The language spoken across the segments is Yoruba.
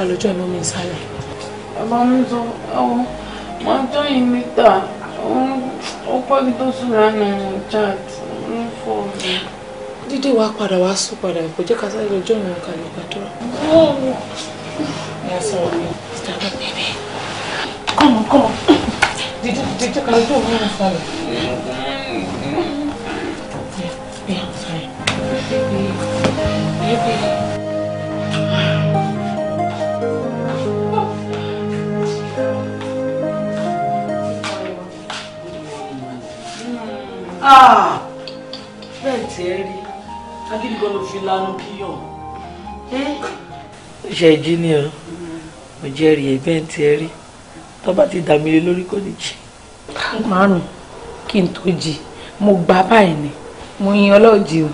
ká lọ́jọ́ iná mi ìsàlẹ̀. bàbá mi sọ ẹwọ mo jọ yìí níta ó pẹ́ kí tó sùn lánàá mo chat ní fọ́ọ̀mù. dídé wa padà wá sùn padà kò jẹ́ ká sáré lọ́jọ́ ìrìn ọ̀kà lè gbàdúrà. ìyá sọ̀rọ̀ mi mr bẹ́ẹ̀ bẹ́ẹ̀ kọ́mọ kọ́mọ dídé ká lọ́jọ́ ìrìn ọ̀kà lè gbàdúrà. Ah! bẹ́ẹ̀ tí ẹ rí agídígbọ́n ló fi lanu kíyàn. ṣe jí ni o mo jẹ́rìí ẹ bẹ́ẹ̀ tí ẹ rí tó bá ti dà mí lé lórí kò ní jí. márùn kí n tó jí mo gbà báyìí ni mo yin ọlọ́ọ̀jì o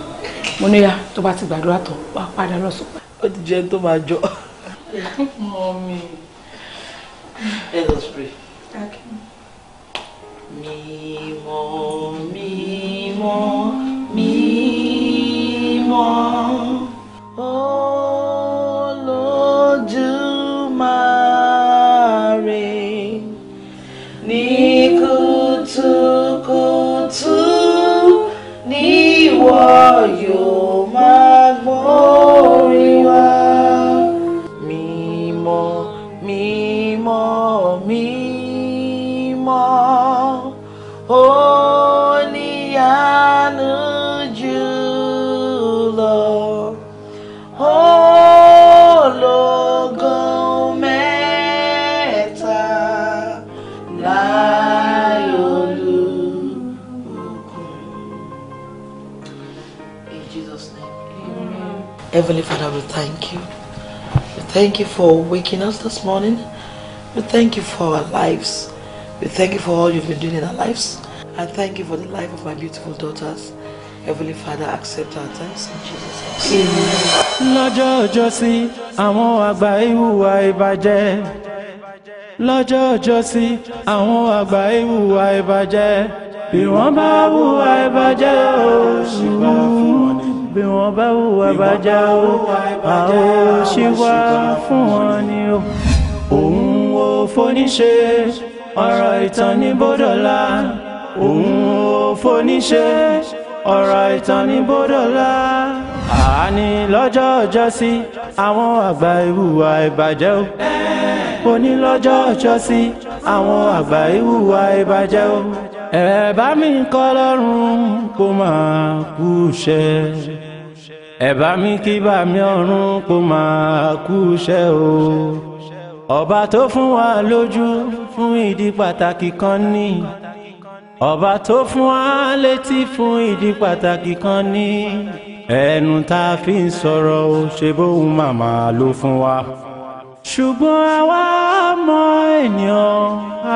mo níyà tó bá ti gbàdúrà tó wá padà lọ sùn. ó ti jẹ́ tó máa jọ. thank you for waking us this morning. We thank you for our lives. We thank you for all you've been doing in our lives. I thank you for the life of my beautiful daughters. Heavenly Father, accept our thanks in Jesus' name. Lọ́jọ́ ọjọ́sí, àwọn àgbà ìhùwà ìbàjẹ́. Lọ́jọ́ ọjọ́sí, àwọn àgbà ìhùwà ìbàjẹ́. Bí wọ́n bá hùwà ìbàjẹ́ o, ṣùgbọ́n bí wọ́n bá hùwà bàjẹ́ o àwọn òṣìwà fún wọn ni o. òun wo foníṣe ọ̀rọ̀ ìtàn ní bọ́dọ̀lá òun wo foníṣe ọ̀rọ̀ ìtàn ní bọ́dọ̀lá. àní lọ́jọ́ ọjọ́ sí àwọn àgbà ìhùwà ìbàjẹ́ o òní lọ́jọ́ ọjọ́ sí àwọn àgbà ìhùwà ìbàjẹ́ o ẹ̀bá mi kọ́ lọ́rùn kó máa kú ṣẹ́ ẹ̀bá mi kí bá mi ọ̀run kó máa kú iṣẹ́ o ọba tó fún wa lójú fún ìdí pàtàkì kan ní ọba tó fún wa létí fún ìdí pàtàkì kan ní ẹnu tá a fi ń sọ̀rọ̀ o ṣe bóun màmá ló fún wa. ṣùgbọ́n àwa mọ ènìyàn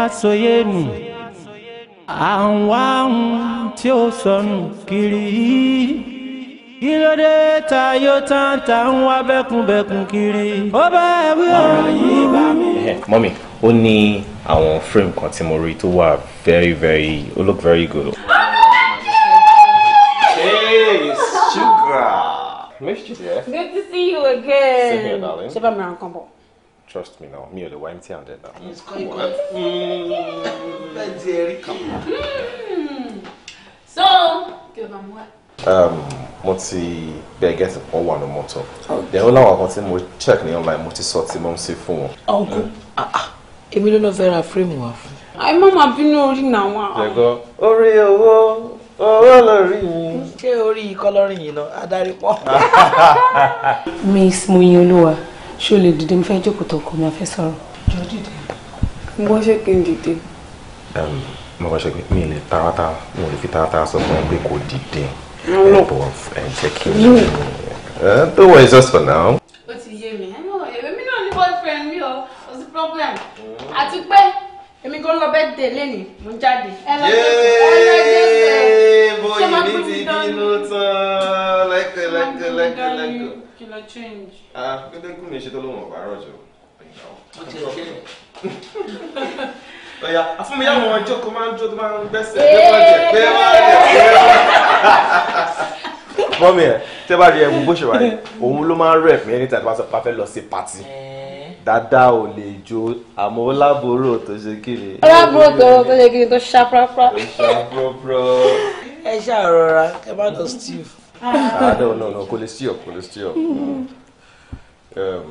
àsọyé nù à ń wá ohun tí ó sọnù kiri yìí kí ló dé tayo ń wá bẹ́kúnbẹ́kún kiri. ó bá ẹ o. Eh, mọ́mí ó ní àwọn frame kan tí mo rí tó wà very very ó look very good. hey sugar. missed you dear. good to see you again. ṣé bá mi ra nǹkan bọ̀. Trust me now, mi ò lè wá empty handed now. It's quite good. Mm. So, give them what? Um, mo ti bẹ́ẹ̀ gẹ́tì kan wà ní mọ́tò then ó láwọn kan tí mo check ní online mo ti sọ tí mo ń ṣe fún wọn. ọ̀gùn ah, ah, ah. èmi ló lọ fẹ́ ra fíìmù wá fún. àì má máa bínú orí nàwọn. ṣẹ̀gọ́ orí owó owó lórí mi. ṣé orí kọlọ́rìn yìí lọ adarí pọ̀. miss Moyinolúwa ṣé o lè dìde mo fẹ́ jókòó tó kọ́ mi a fẹ́ sọ̀rọ̀. jọ dìde. mo wá ṣe kí n dìde um, mo kàn ṣe pé mi lè taratara mo lè fi taratara sọ fún ẹ pé kò dìde No. Uh, don't worry, it's just for now. Ó ti yé mi. Èmi náà ní boyfriend mi o. What's the problem? Àti pé èmi kò lọ birthday lénìí, mo jáde. Ẹ lọ dé. Boy, you need to be notan. Lẹ́kọ̀ lẹ́kọ̀ lẹ́kọ̀ lẹ́kọ̀. Kí lọ change? Ah, gbẹ́dẹ́gùn mi ṣe tó ló mọ̀ pàrọ̀ jù. Ó ti ṣe ọ̀ya àfúnmi yàwọn ọjọ́ kan máa ń jó tó máa ń gbẹ́sẹ̀ lẹ́kọ̀ọ́ jẹ̀ pé wọ́n á jẹ̀ pé wọ́n á jẹ̀ mọ́mí ẹ̀ tẹ́ bá rí ẹ̀wù bó ṣe wà yìí òun ló máa ń rẹ̀ mí anytime bá sọ pé a fẹ́ lọ sí pati dada ò lè jó àmọ́ ọlábòrò tó ṣe kíni. ọlábòrò tó tó ṣe kíni tó ṣàprápra. tó ṣàprápra. ẹ ṣàrọra ẹ bá lọ stew. ah no no no kò lè stew kò lè stew. Um,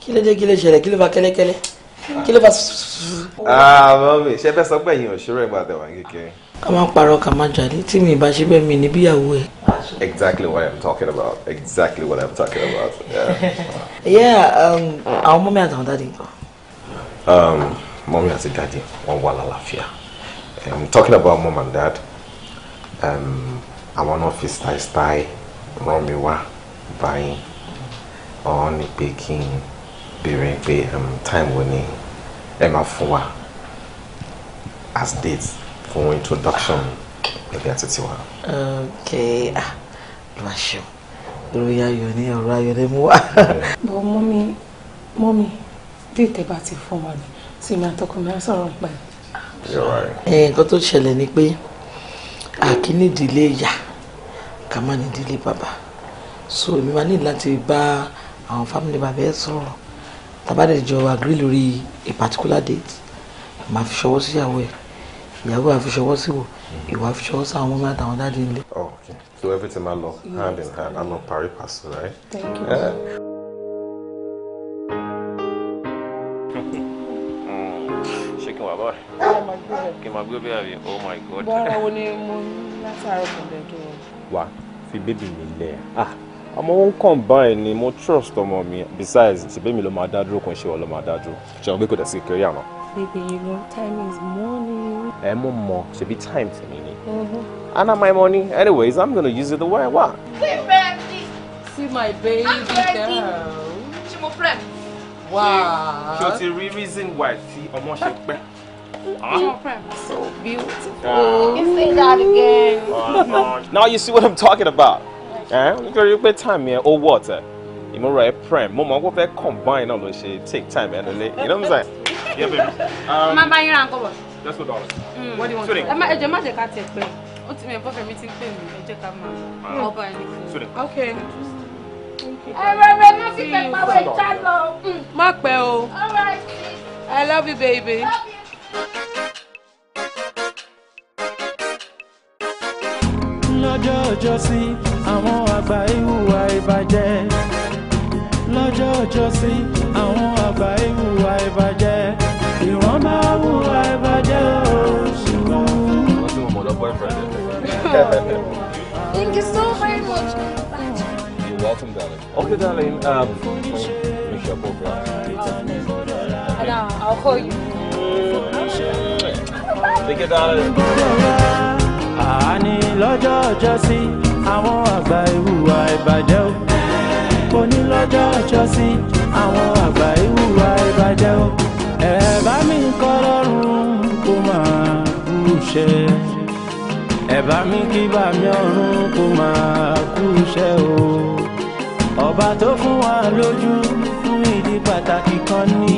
kí ló dé kí ló ṣẹlẹ̀ kí ló fa kẹ́lẹ́kẹ́lẹ́ kí ló bá. Ah, mọ́mí ṣe fẹ́ sọ pé ẹ̀yin òṣèré ìgbà àtẹ̀wà kékeré. ká máa parọ́ ká máa jalè tí mi ìbá ṣe bẹ́ẹ̀ mi níbíyàwó ẹ̀. Exactly what I'm talking about. Exactly what I'm talking about. Yeah. yeah. Um. Àwọn mọ́mí àtàwọn dáàdi. Um. Mọ́mí àti dáàdi wọ́n wà lálàáfíà. I'm um, talking about mom and dad. Um. Àwọn náà fi style style rán mi wá báyìí. Ọ̀hún ni pé kí n béèrè pé um, time wo ni ẹ máa fún wa as date fún introduction ẹgbẹ́ àti tiwa. ok ah lọ́wọ́ ṣe ìròyìn ayọ̀ ni ọ̀rọ̀ ayọ̀ ni mo wà. bọ́ mọ́mí mọ́mí déètè bá ti fún wa ni tí mi àtọkùn mi á sọ̀rọ̀ pẹ̀. nǹkan tó ṣẹlẹ̀ ni pé àkínídìílé ìyá ká má nídìílé bàbá so èmi máa ní láti bá àwọn fámìlì bàbá ẹ sọ̀rọ̀ tabadẹjọ agree lórí a particular date màá fi ṣọwọ́ sí ìyàwó ẹ̀ ìyàwó àfi ṣọwọ́ sí wò ìwà àfi ṣọwọ́ sí àwọn ọmọ àtàwọn dáadé nílé. okay so everything ma lọ hand in hand and not pari pass right. thank you. Yeah. kí n oh my god. bọ́ra wo ni mo látàárọ̀ kò dẹ̀ tó. wá fi bébì mi lẹ̀ ah àmọ́ ó ń combine ni mo trust ọmọ mi besides ṣèbí mi ló máa dá dúró kò ṣe wọ́n ló máa dá dúró ṣe wọn pé kò dẹ̀ sí ìkéré àná. baby you know time is money. ẹ mọ mọ ṣèbí time ti mi ni. Mm-hmm. and my money anyways i'm gonna use it the way i want. hey baby. see my baby girl. ṣe mo friend. wow. ṣé o ti rí reason why tí ọmọ ṣe pẹ́. Ah. So beautiful. Yeah. You say that again. now you see what I'm talking about ẹ nítorí pé time yẹn ó wọ̀ tẹ̀ ìmúra ẹ prime. mo mọ̀ kó fẹ́ combine náà ló ṣe take time ẹ lọlé you know what I'm saying. yeah baby. bá yín ra nǹkan bọ̀. let's go darling. Hmm. ẹ má má jẹ ká tẹ̀ pẹ́ ó ti mẹ́ bọ́fẹ̀ mi ti pè mí ẹ jẹ́ ká máa ọba ẹni fún mi. okay. ẹ̀rọ rẹ̀ má fi pẹ́ pàwọ́ ìjà lọ. má pẹ́ o. I love you baby. lọ́jọ́ ọjọ́ sí àwọn àgbà ìhùwà ìbàjẹ́ lọ́jọ́ ọjọ́sí àwọn àgbà ìhùwà ìbàjẹ́ ìwọ́n máa hùwà ìbàjẹ́ o Thank you so very much. You're welcome, darling. Okay, darling. Um, make your program. And I'll call you. Thank you, darling. Àní lọ́jọ́ ọjọ́sí àwọn àgbà ìhùwà ìbàjẹ́ o kò ní lọ́jọ́ ọjọ́ sí àwọn àgbà ìhùwà ìbàjẹ́ o ẹ̀bá mi kọ́ lọ́rùn kó máa kú iṣẹ́ ẹ̀bá mi kí bá mi ọ̀run kó máa kú iṣẹ́ o ọba tó fún wa lójú fún ìdí pàtàkì kan ní.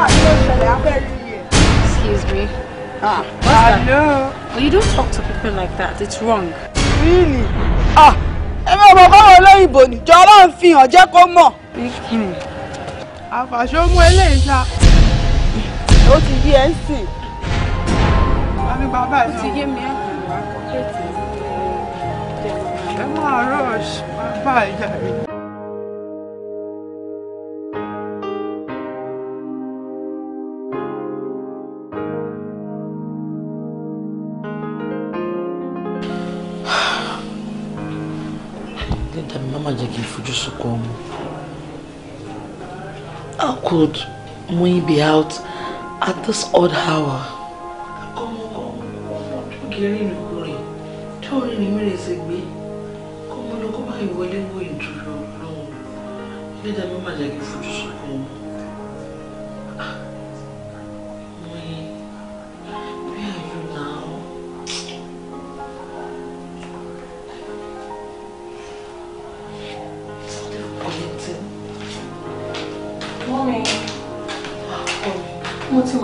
Excuse me. Ah, what's that? Know. Well, you don't talk to people like that. It's wrong. Really? Ah, ẹ̀mi ọmọ báwo olóyìnbó ni jọ ọlọ́run fi hàn jẹ́ kó mọ̀. Àfàṣọ́mú eléyìí ṣá. Ó ti yí ẹ ń sìn. Àmì bàbá ẹ̀ náà. Ó ti yé mi ẹ̀ kò wá kọ́kẹ́tì. Ẹ máa rush, bàbá ìyá mi. did that mama jẹ́ fojú sunkún ọmọ how could we be out at this odd hour. Come come on, kọ́mọkọ́ kiri ìlú rẹ̀ tí orin rẹ̀ mìíràn Come on, kọ́mọ ló kọ́ bá ìwọlé wo ìdúró lọ́wọ́ did that mama jẹ́ fojú sunkún.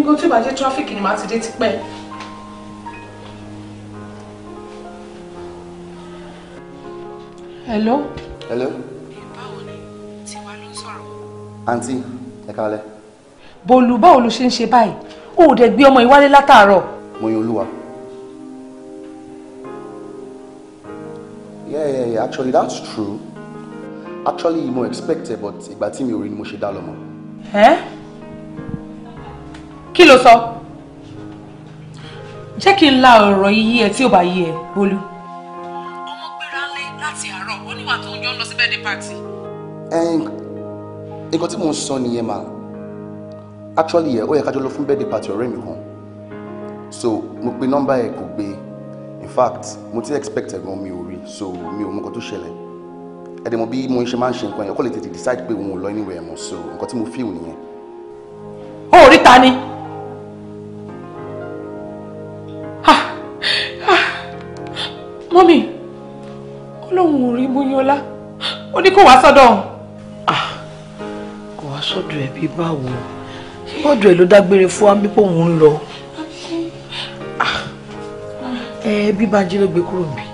mi gan tí ìbàjẹ́ tráfíkì ni màá ti dé tipẹ́. hello. hello. báwo ni tiwa ló ń sọ̀rọ̀. àǹtí ẹ káalẹ́. bòlù báwo ló ṣe ń ṣe báyìí o ò dẹ̀ gbé ọmọ ìwálé látàárọ̀. mo yin olúwa. yeah yeah yeah actually that's true actually mo expect it but ìgbà tí mi ò rí ni mo ṣe dá lọ́mọ. ẹ́. Eh? kí ló sọ jẹ́ kí n la ọ̀rọ̀ yí ẹ tí ò bá yí ẹ Bólú. ọmọ gbéra lé láti àárọ̀ ó níwà tó ń jọ lọ sí birthday party. nǹkan tí mò ń sọ nìyẹn mà actually ẹ ó yẹ ká lọ fún birthday party ọ̀rẹ́ mi kan so mo pe nọ́mbà ẹ kò gbé in fact mo ti expect ẹ̀gbọ́n mi ò rí so mi ò mọ nǹkan tó ṣẹlẹ̀ ẹ̀dẹ̀ mọ bí mo ṣe máa ń ṣe nǹkan yẹn kó lè tètè decide pé òun ò lọ anywhere mọ́ so nǹkan tí mo feel nìyẹn. ó rí ta ni. òun rí Búyọ́lá ó ní kó wá sọ́dọ̀ òun. Ah, kò wá sọ́dọ̀ ẹ̀ bí báwo sọ́dọ̀ ẹ̀ ló dágbére fún wa pípọ̀ òun ń lọ. Ah, ẹ bí Bánjí ló gbé kúrò níbí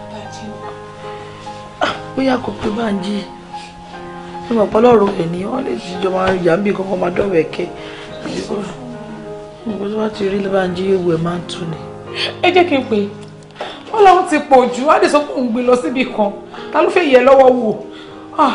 ah, bóyá kò pé Bánjí ní ọ̀pọ̀ lọ́rọ̀ ẹ̀ ni wọ́n lè ti jọ máa yà ń bí kankan máa dọ̀wọ̀ ẹ̀kẹ́ nǹkan tó bá ti rí Bánjí ewu ẹ̀ máa ń tu ni. ẹ jẹ́ kí n pè é wọ́n lọ́run ti pọ̀ jù á lè sọ fún òun gbé lọ síbi kan ta ló fẹ́ yẹ lọ́wọ́ wò ah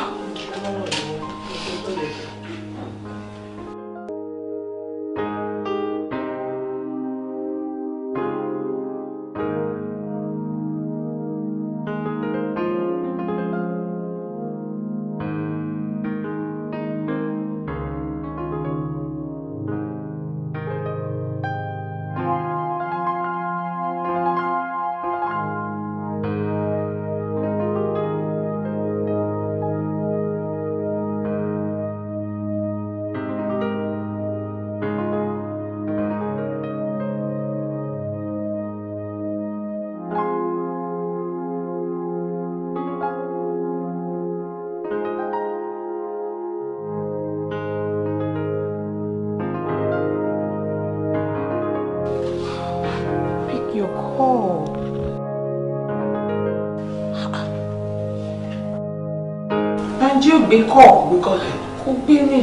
gbé kọ́ gbé kọ́ lẹ̀. kò gbé ní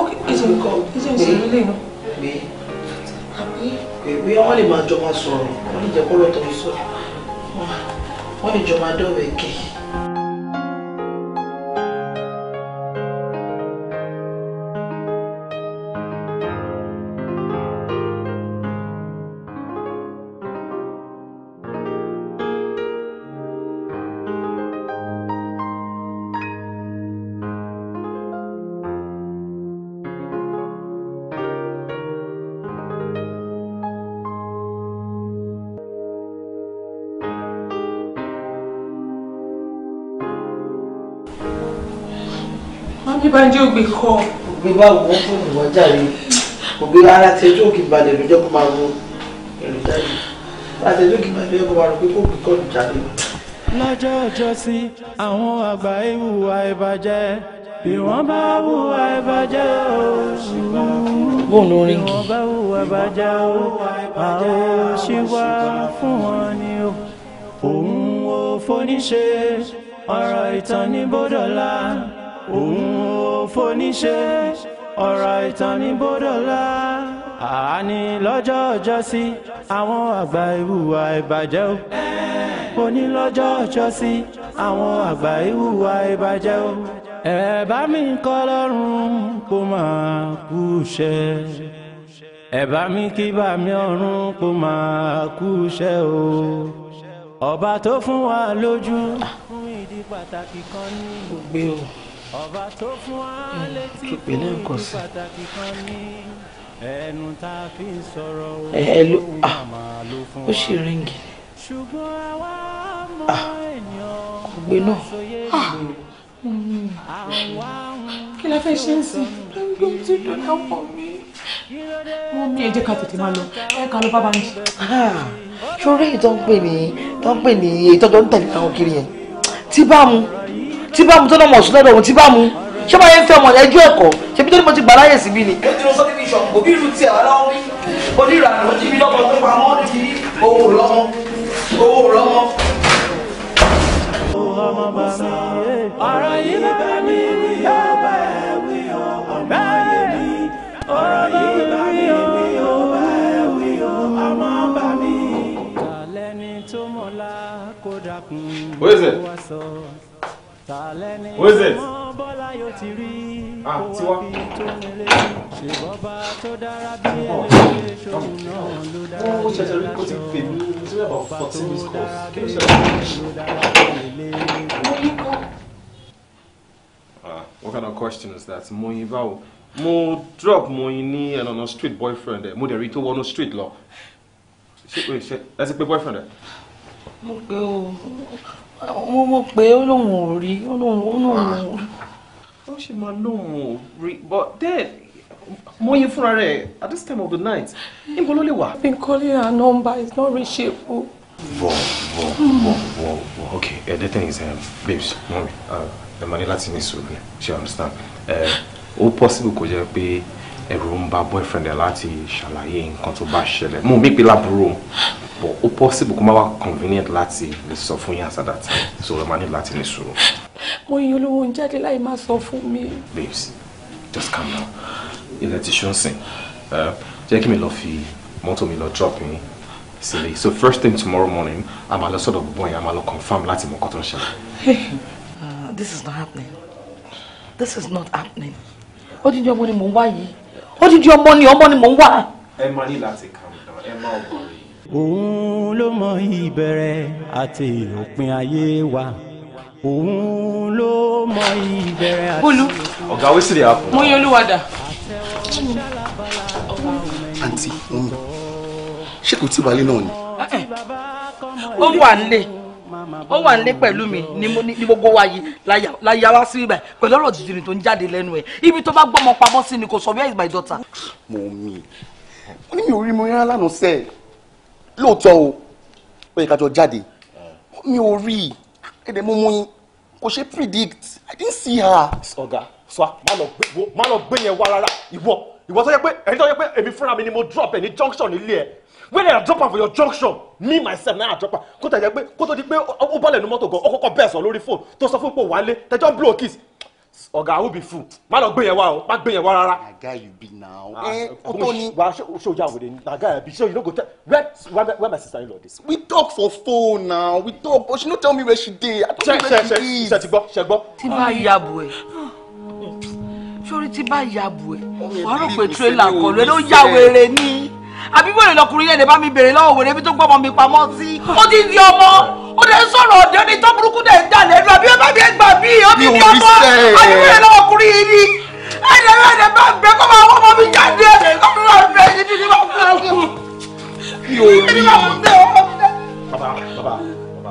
ok ẹsẹ̀ nǹkan ẹsẹ̀ nǹkan ìṣẹ̀lẹ̀ lè nù. gbé gbé wọ́n lè máa jọ máa sọ̀rọ̀ wọ́n lè jẹ́ kó lọ́tọ̀ sọ̀rọ̀ wọ́n lè jọ máa dọ̀wẹ̀ kẹ́. Bíbánjẹ́ ògbé kọ́. Ògbé bá wọ́ fún ìwà jàre. Ògbé ara ti ẹjọ́ òkè balẹ̀ ló kó máa ro èrò jáde. Ara ti ẹjọ́ òkè balẹ̀ ló kó máa ro pé kó ògbé kọ́ jáde. Lọ́jọ́ ìjọsí, àwọn àgbà ìhùwà ìbàjẹ́. Bí wọ́n bá hùwà ìbàjẹ́ o. Bí wọ́n bá hùwà ìbàjẹ́ o, àwọn òṣìwà fún wọn ni o. Òun ò òun ò foníṣe ọ̀rọ̀ ìtàn ní bódọ́lá àní lọ́jọ́ ọjọ́ sí àwọn àgbà ìhùwà ìbàjẹ́ o òní lọ́jọ́ ọjọ́ sí àwọn àgbà ìhùwà ìbàjẹ́ o ẹ bá mi kọ́ lọ́rùn kó máa kú iṣẹ́ ẹ bá mi kí bá mi ọ̀run kó máa kú iṣẹ́ o ọba tó fún wa lójú fún ìdí pàtàkì kan ní gbogbo ọba tó fún wa mm. létí fún pàtàkì kan ní ẹnu tá a fi ń sọ̀rọ̀ ohun àmà ló ah, fún wa ṣùgbọ́n àwa mọ ah, ènìyàn sóyè ìlú ah, mm. kí la fẹ́ ṣe ń sìn ló ti dọ́là pọ̀ mí. mo ní ẹ ká tètè máa lọ ẹ ká lọ bá bá ń jì. ṣorí èyí tó ń pè ní ń tẹ̀lé àwọn kiri yẹn tí bá mu tí bá mu tó náà mọ̀ sún lọ́dọ̀ òun tí bá mu ṣé bá yẹn ń fẹ́ ọmọ ẹjọ́ ẹ̀kọ́ ṣe bí tó ní mo ti gbà láyè síbí ni. ó ti lọ sọ́dọ̀ ibi ìṣọ̀kan òbí ìlú tiẹ̀ wá láwọn rí onírànà ti bí lọ́kọ̀ tó pamọ́ di owó lọ́mọ owó lọ́mọ. ọ̀rọ̀ yìí bá mi wí ó bá ẹ wí ó ọ̀gá yé mi ọ̀rọ̀ yìí bá mi wí ó bá ẹ wí ó ọmọ bá mi. ìtàlẹ́ni tó mọ̀lá kó dákun wá sọ. Who is it? Ah, Tiwa. Wọ́n ó ṣẹ̀ṣẹ̀ rí kó ti pè mí tí wọ́n bá fọ́ sí miss calls. Ah, what kind of question is that? Moyin báwo? Mo drop Moyin ní ẹ̀nà street boyfriend ẹ̀, mo dẹ̀ rí tó wọnú street lọ. Wait, ẹ ti pe boyfriend eh? Mo pe o mo mọ̀ pé ó lóun ò rí ó lóun ó lóun ah. ó ṣe máa lóun ò rí but then Moyin fúnra rẹ̀ at this time of the night níbo ló lè wà. I've been calling her number it's not reachable. Whoa, whoa, whoa, whoa, whoa. Okay, uh, the thing is, um, babes, mommy, uh, the money láti ní sùúrù, she understand. Uh, possible kó jẹ́ pé ẹ̀rù ń ba boyfriend ẹ̀ láti ṣàlàyé nǹkan tó bá ṣẹlẹ̀ mo mí pe láburú but ó possible kó má wá convenient láti lè sọ fún yín àsàdà tí so ẹ máa ní láti ní sùúrù. mo yin olówó ń jáde láì má sọ fún mi. babes just calm down ilẹ̀ ti ṣọ́nsìn jẹ́ kí mi lọ fi mọ́tò mi lọ drop yín sílé so first thing tomorrow morning a máa lọ sọ́dọ̀ gbogbo yẹn a máa lọ confirm láti mọ nǹkan tó ń ṣẹlẹ̀. Uh, this is not happening this is not happening ó dín ní ọmọ ni mò ń wá yìí ó dídí ọmọ ni ọmọ ni mò ń wà. ẹ máa ní láti kàwé náà ẹ máa wọ rẹ. òun ló mọ ìbẹ̀rẹ̀ àti òpin ayé wa òun ló mọ ìbẹ̀rẹ̀ àti. bólú ọ̀gá wísìrì àpò. mo yẹ olúwadà. àǹtí mọ́mí ṣé kò tí wàá lé náà ni. ó wà nílé ó wà nílé pẹ̀lú mi ní gbogbo wa yìí láyà wá sí pẹ̀lú ọ̀rọ̀ tuntun tó ń jáde lẹ́nu ẹ̀ ibi tó bá gbọ́mọ pamọ́ sí ni kò sọ where my daughter. mo mi ó ní mi ò rí mo rán lánàá sẹ́ẹ̀ lóòótọ́ o ó yẹ jáde mi ò rí kéde mo mú yín kò ṣe predict i didn't see her. ọ̀gá sọ má lọ gbé yẹn wá rárá ìwọ ìwọ tó yẹ pé èyí tó yẹ pé èmi fúnra mi ni mo drop ẹ ní junction nílé ẹ when I drop am for your junction me myself na I drop am kó tẹ̀jẹ̀ pé kó tó di pé ó bọ́lẹ̀ ní mọ́tò gan ó kọ́kọ́ bẹ́ẹ̀ sọ lórí fóònù tó sọ fún pé wálé tẹ̀jọ́ blow kiss ọ̀gá ó be fún má lọ gbé yẹn wá o má gbé yẹn wá rárá. àga yìí bí now. ẹ ah, o eh, tó ni. wa ṣe ojú àwòrán ni àga yẹn bí ṣe you no go tell where where where my sister in law dey. we talk for phone now we talk but she no tell me where she dey i tell you where she dey. ṣe ti gbọ́ ṣe gbọ́. tí bá ya bù ẹ sórí tí bá ya bù ẹ oh, wàá rò pé tírélà kan ló yà wèrè ni àbí wèrè lọkùnrin yẹn lè bá mi bèrè lọ́wọ́ wèrè ibi tó gbọ́mọ mi pamọ́ sí. ó ti di ọmọ ó dẹ̀ sọ̀rọ̀ ọ̀dẹ́ ní tó burúkú dẹ̀ ń dà lẹ́nu àbí bàbá mi ẹ̀ gbà bí ó ti di ọmọ àbí wèrè lọ́wọ́ ọkùnrin yìí ni ẹ̀dẹ̀ ẹ̀dẹ̀ bá bẹ kó máa wọ́n mọ́ mi jáde ẹ̀dẹ̀ kó máa bẹ ẹ̀dẹ̀ ní wọ́n fún mi. mi ò rí i. bàbá bàbá bàbá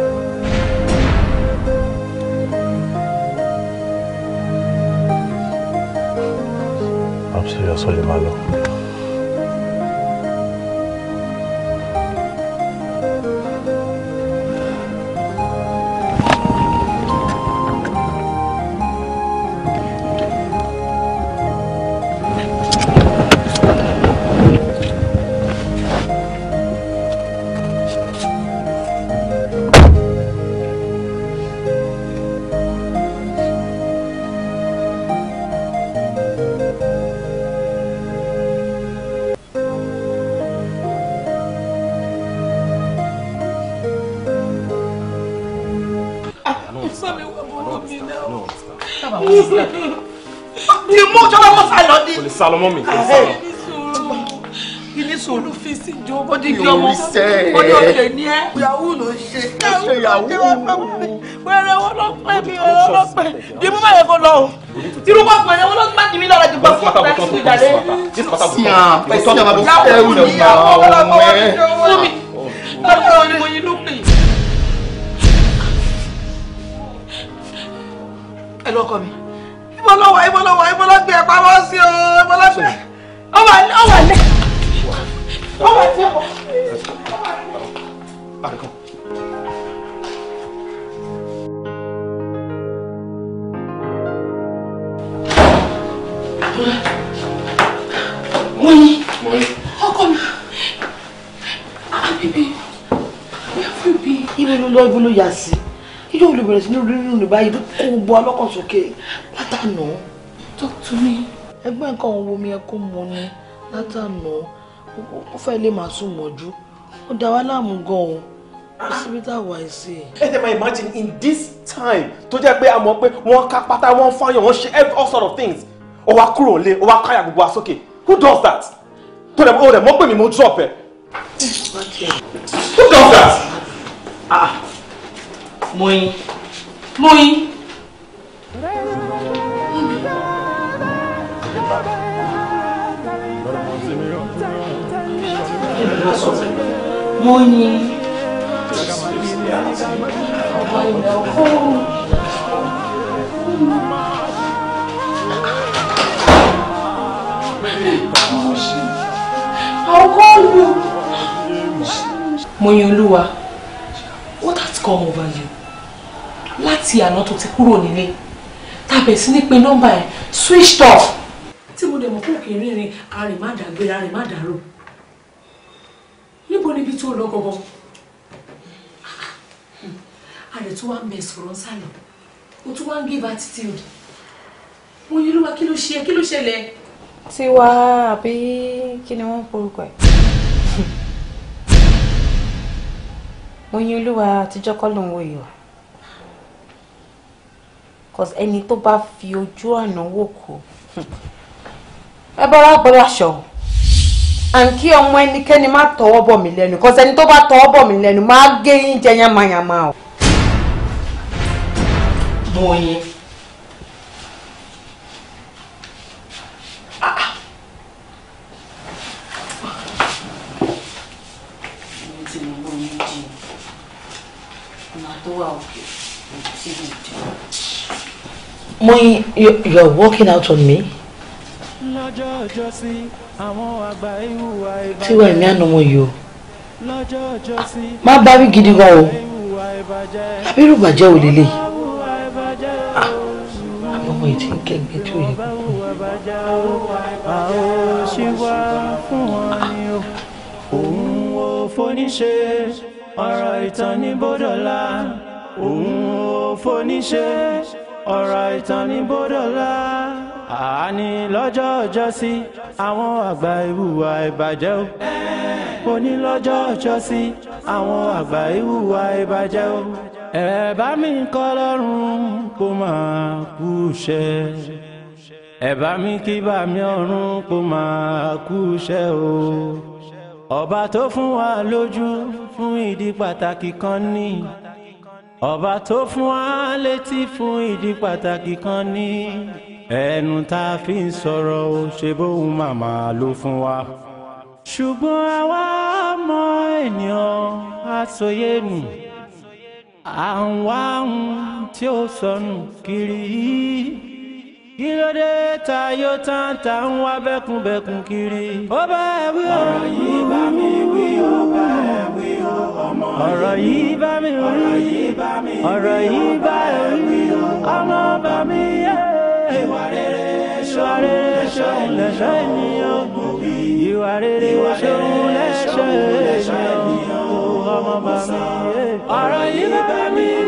sọ yọ sọ lè máa lọ. lọ mọ́ mi kò sá lọ. fi sí jo odidi ọmọ ọdún òkè ní ẹ. Ìyàwó ló ṣe. Ìyàwó wẹ̀rẹ̀ wọn lọ pẹ́ mi ọ̀rọ̀ lọ pẹ́. Di mú báyẹn kó lọ o. Irú bá wọn lọ gbá ní mi lọ́la ju gbọ́ fún ọ̀rẹ́ sí ìdálé. Síyàn pẹ̀sì ìyàwó ọ̀rọ̀ ọ̀rọ̀ ọ̀rọ̀ ọ̀rọ̀ ọ̀rọ̀ ọ̀rọ̀ ọ̀rọ̀ ọ̀rọ̀ yà sí ijó olùbẹ̀rẹ̀ sí ní rírun ní báyìí kó o bọ alọ́kàn sókè látànà. talk to me. ẹgbẹ́ nǹkan òun wo mi ẹ kó mọ ni látànà ó fẹ́ lè máa sùn mọ́jú ó dá wa láàmú gan-an kò síbi tá a wà ẹ sí. ẹ tẹ́ máa imagine in this time tó jẹ́ pé a mọ̀ pé wọ́n ká pátá wọ́n fáyọ̀ wọ́n ṣe all sort of things ó wá kúrò lé ó wá káyà gbogbo àsókè who does that? tó dẹ̀ mọ́ pé mi mo drop ẹ̀. who does that? Ah. ah. Moyin. Moyin. Moyin. I'll call you. Moyin Olúwa, what has come over you? láti àná tó ti kúrò nílé tàbẹ̀ sí ní pé nọ́mbà ẹ̀ switched off tí mo dẹ̀ mọ̀ kó kì í rìnrìn arìn má dàgbére arìn má dàrò níbo níbi tó lọ gọgọ ààrẹ tó wá ń bẹ sọ̀rọ̀ ń sàlọ̀ o tu wá give attitude mo yí ló wá kí ló ṣe se ló ṣẹlẹ̀. tiwa àbí kí ni wọ́n ń porúkọ ẹ̀. oyin olúwa àtijọ́ kọ́ ló cause ẹni tó bá fi ojú àná wò kó ẹ bá wá gbọ́dọ̀ aṣọ à ń kí ọmọ ẹnikẹ́ni má tọwọ́ bọ̀ mí lẹ́nu cause ẹni tó bá tọwọ́ bọ̀ mí lẹ́nu máa gé yín jẹ yánmayànmá o. mo yin tó wà òkè òkè síbi. Moyin, you, you're walking out on me? lọ́jọ́ ọjọ́sí àwọn àgbà ìhùwà ìbàjẹ́. tí wọ́n ẹ̀mí àná wọn yìí o. lọ́jọ́ ọjọ́sí. má bá wí gidi gan o. abirù bàjẹ́ ò lélẹ̀. àmọ́ ah, mo ti ń kẹ́gbẹ́ tí ò yẹ kókó. a ò ò foníṣe ọ̀rọ̀ ìtàn ní bọ́dọ̀lá. òun ò foníṣe ọ̀rọ̀ ìtàn ní bódọ́lá àní lọ́jọ́ ọjọ́ sí àwọn àgbà ìhùwà ìbàjẹ́ o. mo ní lọ́jọ́ ọjọ́ sí àwọn àgbà ìhùwà ìbàjẹ́ o. ẹ bá mi kọ́ lọ́rùn kó máa kú iṣẹ́. ẹ bá mi kí bá mi ọ̀run kó máa kú iṣẹ́ o. ọba tó fún wa lójú fún ìdí pàtàkì kan ní ọba tó fún wa létí fún ìdí pàtàkì kan ní ẹnu tá a fi ń sọ̀rọ̀ ó ṣe bóun màmá ló fún wa. ṣùgbọ́n àwa mọ ènìyàn àsọyé nù à ń wá ohun tí ó sọnù kiri yìí kí ló dé ta yóò tán ta ń wá bẹ́kúnbẹ́kún kiri. ó bá ọ̀rọ̀ yìí bá mi wí ó bá ọ̀rọ̀ yìí bá mi wí ọ̀rọ̀ yìí bá mi wí ọmọ bá mi yé ìwà rere ṣọ́ rere ṣọ́ ẹlẹ́ṣọ́ ènìyàn ìwà rere ṣọ́ ẹlẹ́ṣọ́ ènìyàn ọmọ bá mi yé ọ̀rọ̀ yìí bá mi wí.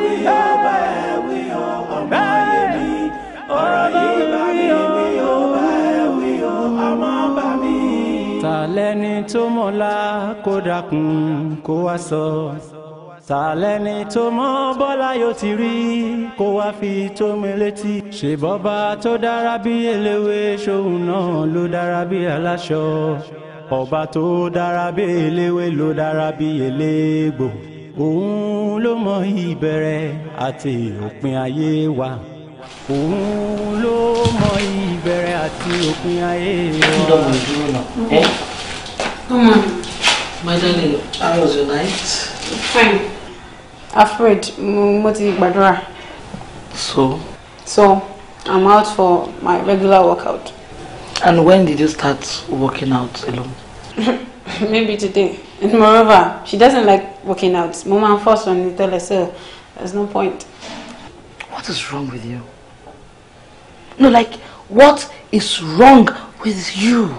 tàlẹ́ni tó mọ̀la kó dákun kó wá sọ tàlẹ́ni tó mọ bọ́lá yóò ti rí kó wá fi tó mi létí ṣèbọ́ba tó dára bí eléwé ṣòun náà ló dára bí aláṣọ ọba tó dára bí eléwé ló dára bí elégbò òun ló mọ ìbẹ̀rẹ̀ àti òpin ayé wa òun ló mọ ìbẹ̀rẹ̀ àti òpin ayé wa. Come on, My darling, how was your night? Fine. Afraid, mo ti gbàdúrà. So? So, I'm out for my regular workout. And when did you start working out alone? Maybe today. And moreover, she doesn't like working out. Mama and forced on tell her, so there's no point. What is wrong with you? No, like, what is wrong with you?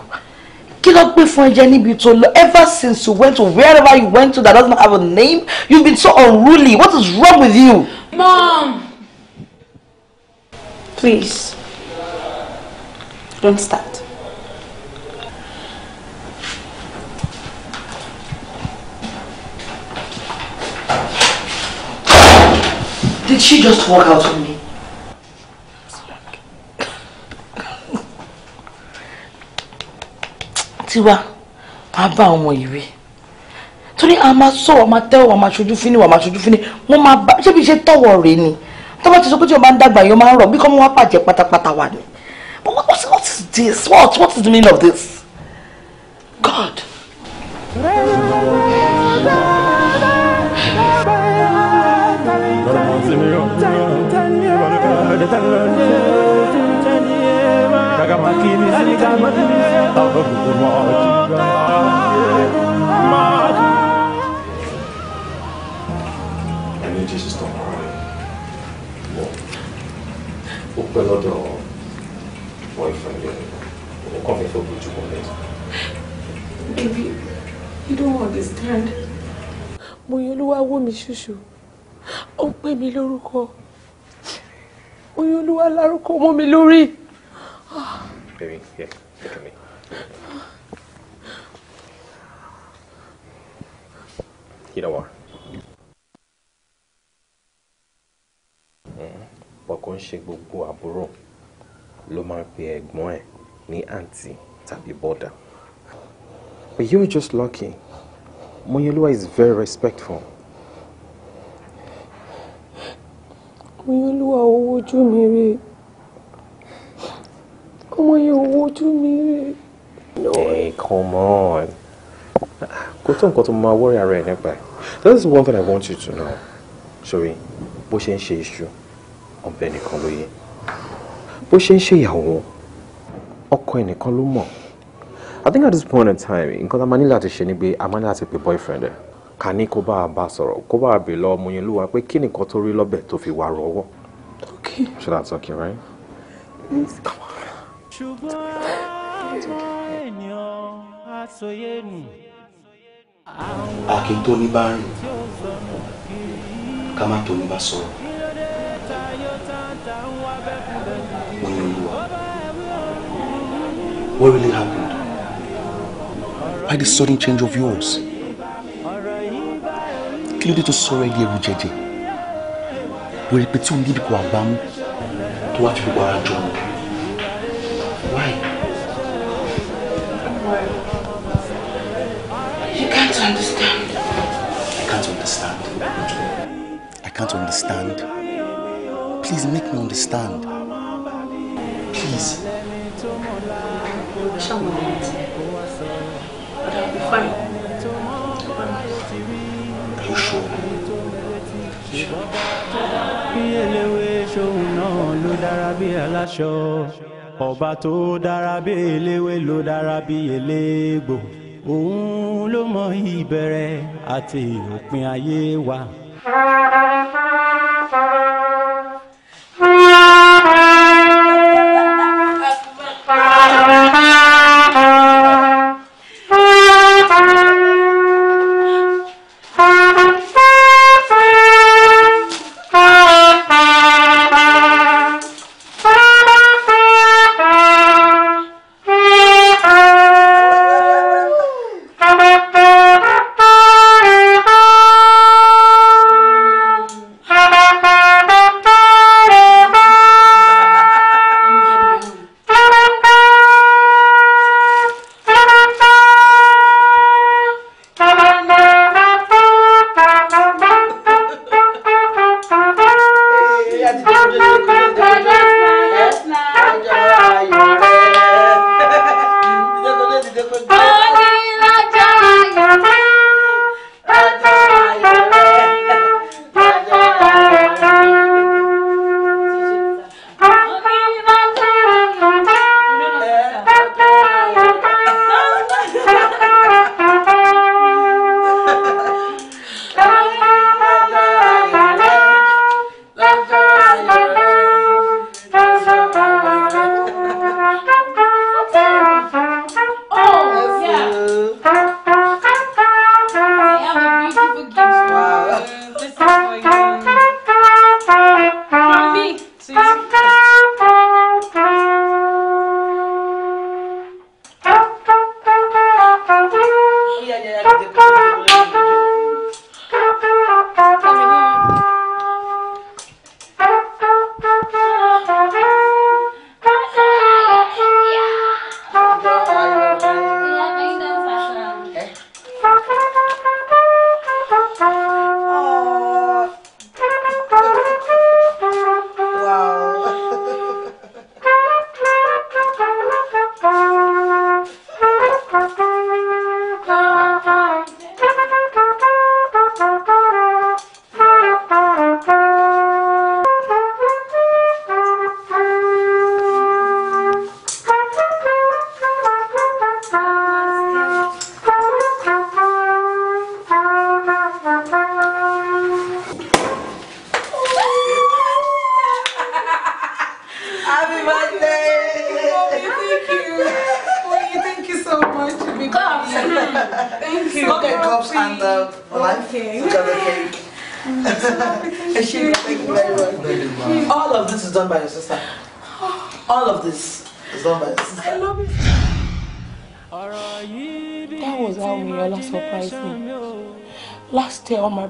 kí ló gbé fún ẹjẹ ever since you went to wherever you went to that doesn't have a name you've been so unruly what is wrong with you. mom please don't start. Did she just walk out on me? tiwa a bá àwọn ìwé torí a máa sọ̀rọ̀ máa tẹ́wọ̀ wà máa ṣojú fínni wà máa ṣojú fínni wọ́n máa bá ṣé bí ṣe tọ̀wọ̀ rẹ̀ ni tó bá ti sọ pé tí o bá ń dàgbà yóò máa ń rọ̀ bí kò mú wá bàjẹ́ pátápátá wà ni but what, what, what is this what what is the meaning of this God kimi sani kama kimi ava kuma chiga mad. I need you to stop crying. Well, ó pẹ́ lọ́dọ̀ boyfriend yẹn ó kàn fẹ́ fẹ́ ojú Baby, you don't understand. Mo yẹ olúwa wò mí ṣùṣù, ó ń pè mí lórúkọ, mo yẹ olúwa lárúkọ mọ́ mi lórí. Ah. Baby, here, look at me. You know what? Wọ́n hmm, kò ń ṣe gbogbo àbúrò ló máa ń pe ẹ̀gbọ́n ẹ̀ ní àǹtí tàbí bọ́dà. But you're just lucky. Moyolua is very respectful. Moyolua owó ojú mi rèé ọmọ yẹn ò wojú mi Hey, come on. Kò tó nǹkan tó máa wọ́rẹ̀ ara ẹ̀ nípa ẹ̀. That is one thing I want you to know. Sorry, bó ṣe ń ṣe iṣu, ọbẹ̀ nìkan ló yẹ. Bó ṣe ń ṣe ìyàwó, ọkọ ẹnìkan ló mọ̀. I think at this point in time, nǹkan tá a máa ní láti ṣe ni pé a máa ní láti pe boyfriend ẹ̀. Ká ní kó bá a bá sọ̀rọ̀, kó bá a bè lọ ọmọ yẹn lúwa pé kí nìkan tó rí lọ́bẹ̀ tó fi wà rọ́wọ́. Okay. So that's okay, right? Please, come ṣùgbọ́n àwọn ènìyàn àsọyé nù. akin tó ní bá ń rìn ká má tó ní bá sọ̀rọ̀ oyin olúwa what really happened why the sudden change of yours kí ló dé tó sọ̀rọ̀ ẹ̀yẹ ẹ̀rù jẹjẹ wèrè pé tí òun dídì kò àgbámú tó wá fi gbogbo ara jọ mu. can't understand. Please make me understand. Please. Ṣáwọn ọ̀rọ̀ ti Are you sure? Ọba tó dára bí eléwé ló dára bí elégbò. Òun ló mọ ìbẹ̀rẹ̀ àti òpin ayé wa. Thank you.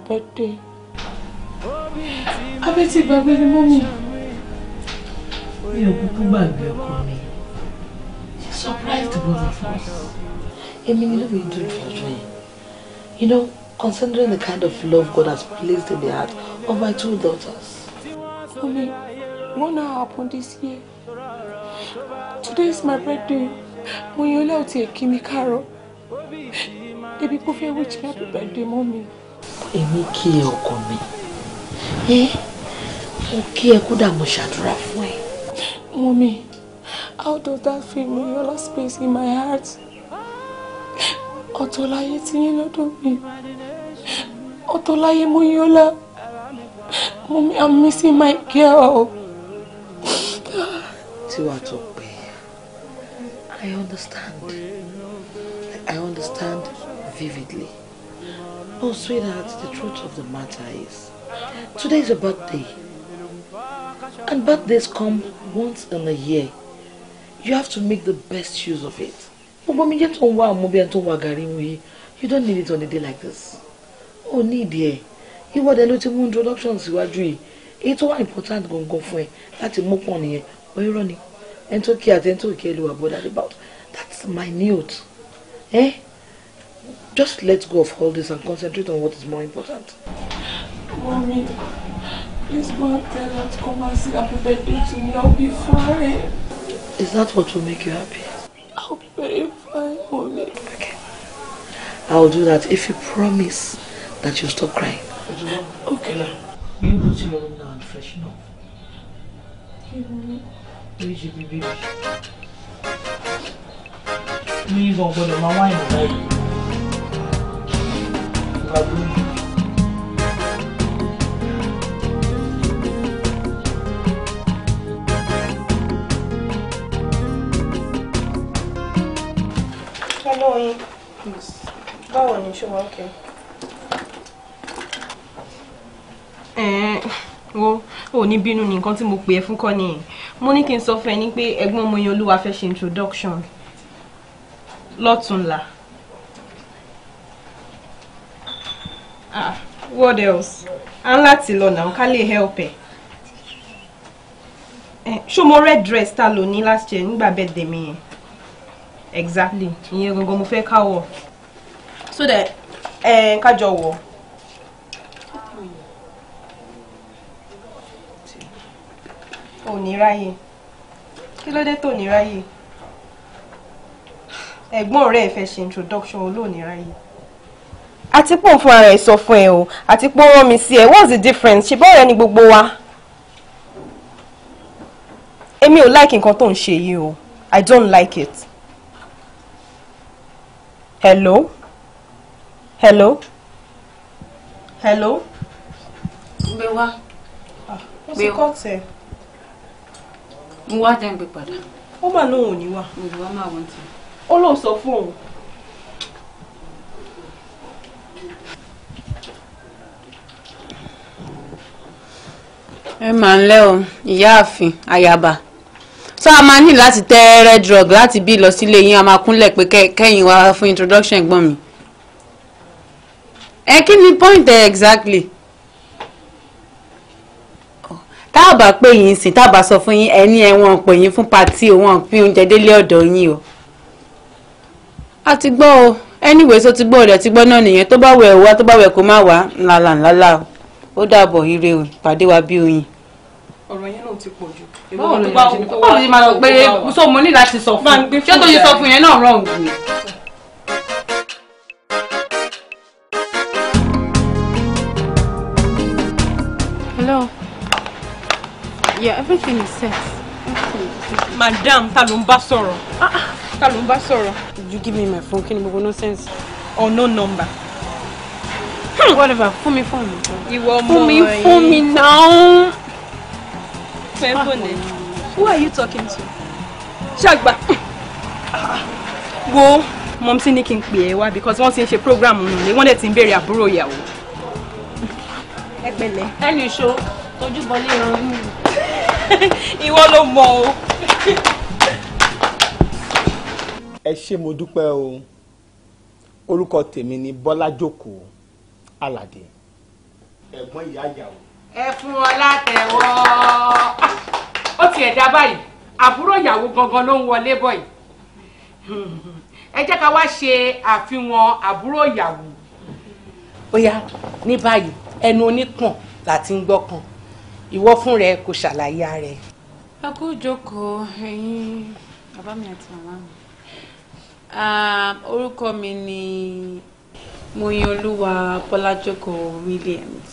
birthday. Abẹ́tí gbàgbé ni mọ́mí. Mi ò kúkú gbàgbé ọkọ mi. She surprised the both of us. Èmi ni lóbi dùn lọ́jọ́ yẹn. You know, considering the kind of love God has placed in the heart of my two daughters. Mọ́mí, what now happened this year? Today is my birthday. Mo yan ilé ọ̀tí èkí mi kárọ̀. Ebi kò fẹ́ wíjì happy birthday mọ́mí èmi kí ẹ ọkọ mi ẹ mo kí ẹ kódà mo ṣàdúrà fún ẹ. mummy how does that feel with your last space in my heart ọ̀tọ̀ láyé tí yín lọ́dọ̀ mi ọ̀tọ̀ láyé mo yín ọlá mummy i'm missing my girl. tiwa tó pé i understand i understand vividly. Oh, sweetheart, the truth of the matter is, today is a birthday. And birthdays come once in a year. You have to make the best use of it. You don't need it on a day like this. Oh, need here. You were the little introduction síwájú yìí. Èyí it's wà important gangan go for. láti mú pọ̀ nìyẹn. Ó irọ́ ni. Ẹni tó kí àti ẹni tó kí ẹ about. That's minute. Eh? Just let go of all this and concentrate on what is more important. Mommy, please go and tell her to come and see happy birthday to me. I'll be fine. Is that what will make you happy? I'll be very fine, Mommy. Okay. I'll do that if you promise that you'll stop crying. Okay. now. You go to your room now and freshen up. Baby, baby. Mi ìbọn gbọdọ̀ máa wá ìmọ̀ báyìí. Báwo ni ṣe wá òkè? Ẹ̀ẹ́n wo ò ní bínú ní nǹkan tí mo pè é fún kọ́ nìyẹn. Mo ní kí n sọ fún ẹ ní pé ẹ̀gbọ́n mo yan olúwa fẹ́ ṣe introduction la. ah what else I'm ń alone now. náà ká lè help me ṣó mo red dress ta lò ní last year nígbà bẹ́ẹ̀ dèmi yẹn exactly ìyẹn gangan mo fẹ́ ká wọ̀ so that ẹ eh, ká jọ wọ̀. Kilo ní ráyè kí ló dé tó ní introduction olóòní ráyè àti pò ń fún ara ẹ̀ sọ fún ẹ o àti pò rán mi sí ẹ what's the difference ṣe bọ́ọ̀rẹ́ ni gbogbo wa. Emi, ò like nǹkan tó ń ṣe yìí o I don't like it. hello hello hello. gbé wá ah, gbé wá mo wá dẹ́n gbé padà. ó mà lóun ò ní wà. olùwà máa wọ́n ti. ẹ máa ń lẹ́ o ìyáàfin ayaba so a máa ní láti tẹ red drug láti bí lọ sílé yín a máa kúnlẹ̀ pé kẹ́yìn wá fún introduction ẹ̀gbọ́n mi ẹ kí ni point ẹ exactly tá a bá pè yín sí tá a bá sọ fún yín ẹni ẹ wọn pè yín fún pàtí o wọn fi oúnjẹ délé ọ̀dọ̀ yín o a ti gbọ́ o anyway so ti gbọ́ ọ̀dẹ̀ ti gbọ́ náà nìyẹn tó bá wẹ̀ wá tó bá wẹ̀ kó má wá ńlá ńlá ńlá o ó dàbọ̀ ire o pàdé wa bí oyin ọ̀rọ̀ yẹn náà ti pọ̀ jù. báwo ló yẹ máa pé so mo ní láti sọ fún un ṣé tó yẹ sọ fún yẹn náà rọrùn ni. hello yeah everything is set. madam ta ló ń bá sọ̀rọ̀ ah, ah. ta ló ń bá sọ̀rọ̀. you give me my phone kí ni gbogbo sense? or no number. whatever fún mi fún mi. ìwọ ọmọ yìí fún mi fún mi náà fẹ́ bòne. Who are you talking to? Ṣàgbà. Wo mọ̀mísí ní kí n pè ẹ́ wá because wọ́n ti ń ṣe program nílé wọ́n dẹ̀ ti ń béèrè àbúrò ìyàwó. Ẹ pẹ̀lẹ́. Ẹnu ìṣó ojú bọlé ìran mi. Ìwọ ló mọ̀ o. Ẹ ṣé mo dúpẹ́ o. Orúkọ tèmi ni Bọ́lá Jókòó Aládé. Ẹ̀gbọ́n ìyá ìyàwó ẹ fún ọ látẹ̀wọ́ ah, ó tiẹ̀ dá báyìí àbúrò ìyàwó gangan ló ń wọlé bọ̀ yìí ẹ jẹ́ ká wá ṣe àfihàn àbúrò ìyàwó. ó yá ní báyìí ẹnu oníkàn láti ń gbọ́ kan ìwọ fún rẹ kò ṣàlàyé ara ẹ. ẹ kú jókòó ẹ̀yin bàbá mi àti màmá mi orúkọ mi ni Moyinolúwa Bọ́lájókòó Williams.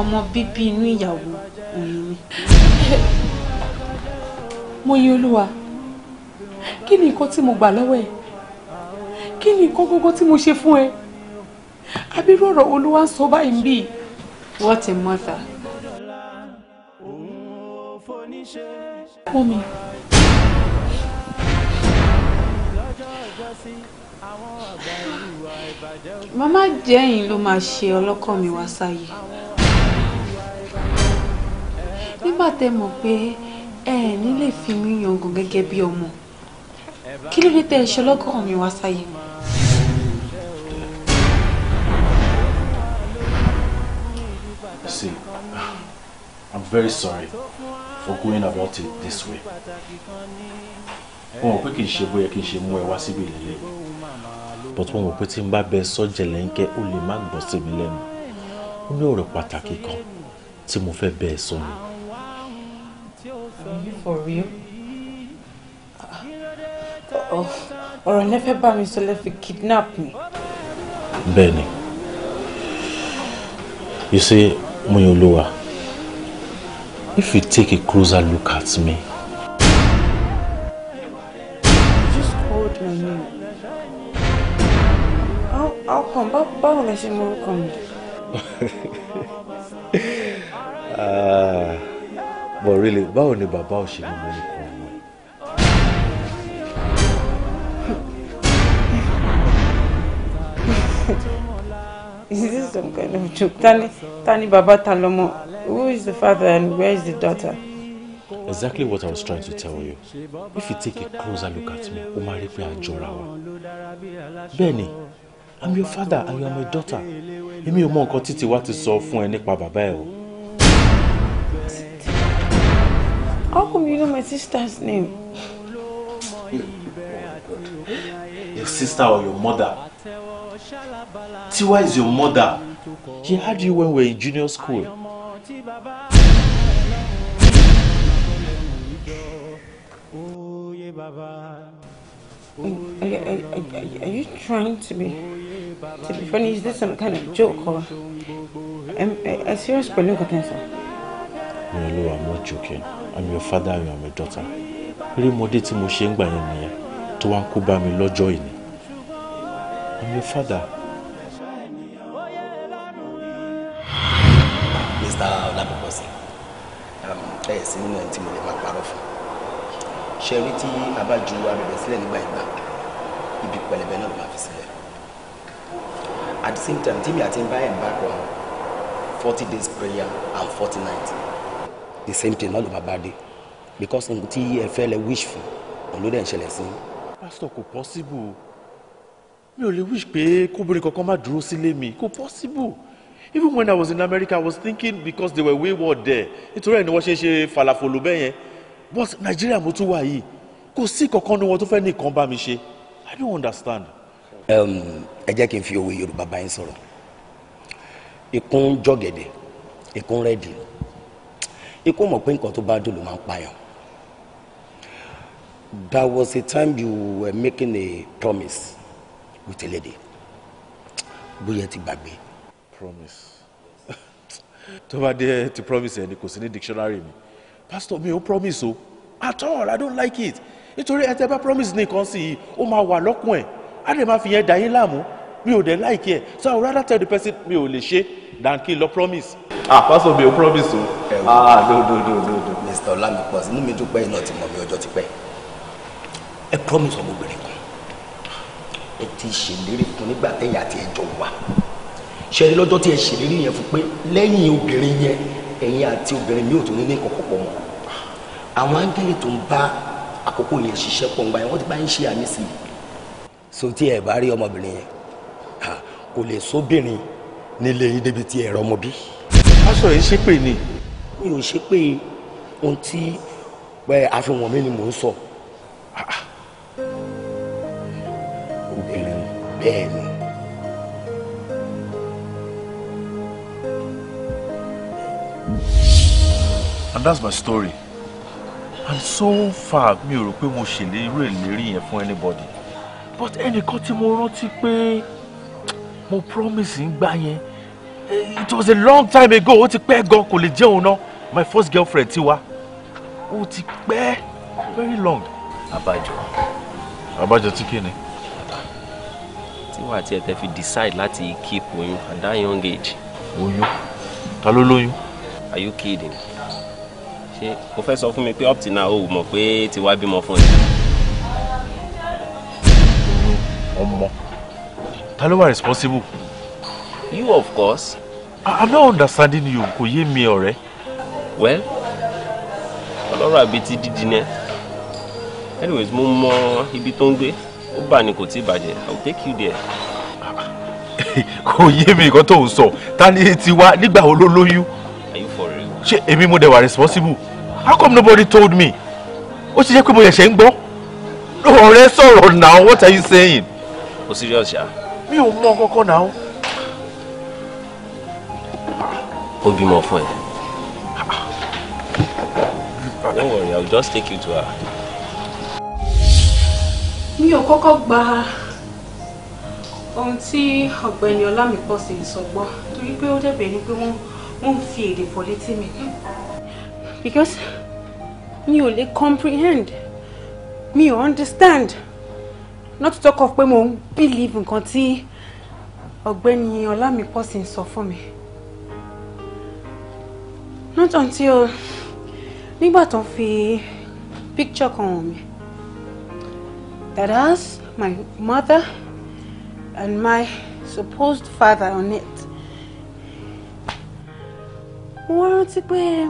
ọmọ bíbí inú ìyàwó òun ni. mo yin olúwa kí ni nǹkan tí mo gbà lọ́wọ́ ẹ̀ kí ni nǹkan gógó tí mo ṣe fún ẹ abirú ọ̀rọ̀ olúwa ń sọ báyìí bí. what a mother. Mọ́mi. Màmá jẹ́yìn ló máa ṣe ọlọ́kọ mi wá sáyé nígbà tẹ mọ̀ pé ẹ nílé fi mí yangàn gẹ́gẹ́ bí ọmọ kí ló dé tẹ ẹ ṣe ọlọ́gọ́rùn mi wá sáyé. See, I'm very sorry for going about it this way. Wọ́n mọ̀ pé kì í ṣe bóyá kì í ṣe mú ẹ wá síbi ìlẹ́lẹ́ But wọ́n mọ̀ pé tí n bá bẹ sọ́jẹ̀ lẹ́ńkẹ́ ó lè má gbọ́ sí mi lẹ́nu. Ó ní ọ̀rọ̀ pàtàkì kan tí mo fẹ́ bẹ́ẹ̀ sọ ni. Are you for real? Oh, ọ̀rọ̀ or fẹ́ bá mi sọ lẹ fi kidnap me? Benny, you see Muyoluwa if you take a closer look at me. you just called my name. I'll how come báwo lẹ ṣe mọ orúkọ mi. ah but really báwo ni bàbá ò ṣe mú mi nìkan ọmọ ẹ. Is this some kind of joke? Tani, Tani Baba Talomo, who is the father and where is the daughter? Exactly what I was trying to tell you. If you take a closer look at me, o máa rí pé I'm your father and you are my daughter. Èmi ò mọ nǹkan títí wá ti sọ fún ẹ nípa bàbá ẹ o. You know my sister's name. Your sister or your mother? Tiwa is your mother. He had you when we were in junior school. Are, are, are you trying to be to be funny? Is this some kind of joke or? I'm, I, serious? seriously believe what I'm Mìrànlúwà I'm not joking I'm your father and you daughter erémọdé tí mo ṣe ń gbà yẹn nìyẹn tó wá ń kó bá mi lọ́jọ́ ìní I'm your father. Mr. Ọlábùkọ́sí um, ẹ sí nínú ẹni tí mo lè máa parọ́ fún ṣe rí tí a bá ju abẹ̀bẹ̀ sílẹ̀ nígbà ìgbà ibi pẹlẹbẹ náà ló máa fi sílẹ̀ at the same time tí mi àti ń bá ẹ̀ ń bá pọ̀ forty days prayer and forty nights the same thing náà ló body, because nǹkan tí ẹ fẹ́ lẹ wish fún òun ló dẹ̀ ń ṣẹlẹ̀ sí. pásítọ̀ kò pọ́síbù mi ò lè wish pé kóbìnrin kankan má dúró sílé mi kò pọ́síbù even when i was in america i was thinking because they were wayward there nítorí ẹ̀ ni wọ́n ṣe ṣe falafolo bẹ́ẹ̀ yẹn but Nigeria mo tún wà yìí kò sí kankan ní wọn tó fẹ́ ní nǹkan bá mi ṣe i don't understand. Um, ẹ jẹ́ kí n fi òwe yorùbá bá yín sọ̀rọ̀ ikún jọ̀gẹ̀dẹ̀ ikún rẹ́ẹ̀dì ikú mọ̀ pé nǹkan tó bá dùn ló máa ń pààyàn. There was a time you were making a promise with a lady bóyá ti gbàgbé. promise tó bá dé ti promise ẹ ni kò sí ní dictionary mi pastor mi ò promise o at all i don't like it nítorí ẹ tẹ bá promise nìkan sí i ó máa wà lọ́kùn ẹ̀ á lè máa fi yẹn dà yín láàmú mi ò dẹ̀ like ẹ̀ so i would rather tell the person mi ò lè ṣe than kí n lọ promise ah pastor obi o promise o ah do do do do do. mr olamipo inú mi dúpẹ́ iná ti mọ̀ mi ọjọ́ ti pẹ́ ẹ promise ọmọbìnrin kan ẹ ti ṣèlérí fún nígbà tẹ̀yìn àti ẹjọ́ wa ṣẹ́ni lọ́jọ́ tí ẹ ṣèlérí yẹn fún pé lẹ́yìn obìnrin yẹn ẹ̀yin àti obìnrin mi ò tún ní ní kọ̀kọ̀ pọ̀ mọ́ àwọn áńgẹ́lì tó ń bá àkókò yẹn ṣiṣẹ́ pọ̀ ńgbà yẹn wọ́n ti bá ń ṣe àmì sí i so tí ẹ bá rí ọmọbìnrin yẹn kò lè sóbìnrin nílé yín débi tí ẹ rọmọ bí pásítọ̀ yìí ṣépè ni mi ò ṣépè ohun tí àfihàn mi ni mò ń sọ. obìnrin bẹ́ẹ̀ ni. and that's my story and so far mi ò rò pé mo ṣèlérí irú ìlérí yẹn fún anybody but ẹnìkan tí mo rántí pé mo promise ń gbá yẹn Eh, it was a long time ago ó ti pẹ́ gan kò lè jẹ́ òun náà my first girlfriend Tiwa ó ti pẹ́ very long. abájọ abájọ tí kí ni. Tiwa àti ẹ̀tẹ̀ fi decide láti keep oyún at that young age. oyún ta ló lóyún. are you kidding? ṣé o fẹ́ sọ fún mi pé up till now o mọ̀ pé Tiwa bímọ fún ẹ. ọmọ ta ló wà responsible you of course. I'm not understanding you kò yé mi ọ̀rẹ́. well ọlọ́rọ̀ àbí ti dídì ni ẹ anyways mo he ibi tó ń gbé ó bà ní take you there. kò yé me, nǹkan tó ń sọ ta ni ti wá nígbà wo ló are you for real. She, èmi mo dẹ̀ responsible how come nobody told me ó ṣe jẹ́ pé mo ṣẹ̀ṣẹ̀ ń now what are you saying. o serious ṣá. mi ò mọ kankan náà. ó bímọ fún ẹ. don't worry i will just take you to her. mi ò kọ́kọ́ gba ohun tí ọ̀gbẹ́ni ọlámìpọ̀sì sọ gbọ́ torí pé ó dẹ̀bẹ̀ ni pé wọ́n ń fi èdè fọ̀ létí mi because mi ò lè comprehend mi ò understand not to talk of pé mo ń believe nǹkan tí ọ̀gbẹ́ni ọlámìpọ̀sì sọ fún mi not until nígbà tó fi picture kan hàn mi that has my mother and my supposed father on it. mo wá rántí pé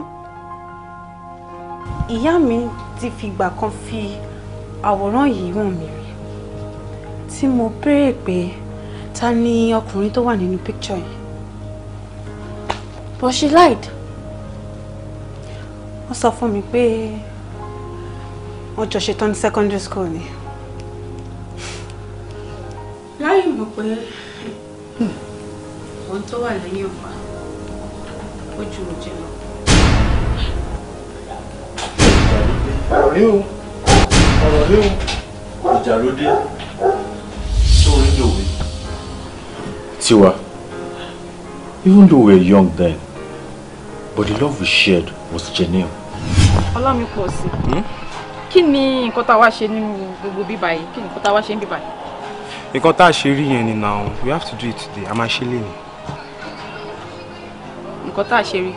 ìyá mi ti fìgbà kan fi àwòrán yìí hàn mí rí tí mo béèrè pé ta ni ọkùnrin tó wà nínú picture yìí but she lied wọ́n sọ fún mi pé wọ́n jọ ṣetán ní secondary school ni. láyé mọ̀ pé ohun tó wà lẹ́yìn ọ̀pá ó ju òjẹ́ lọ. ọ̀rọ̀ rí o ọ̀rọ̀ rí o ìjà ló dé tó rí lòwe. Tiwa, even though we were young then, but the love we shared What's your name? Ọlámipọ̀sí. Kí ni nǹkan tá a wá ṣe nínú gbogbo bíbá yìí? Kí ni nǹkan tá a wá ṣe ń bíbá yìí? Nǹkan tá ni now. We have to do it today. A máa ṣe lé ni. Nǹkan tá a ṣe rí.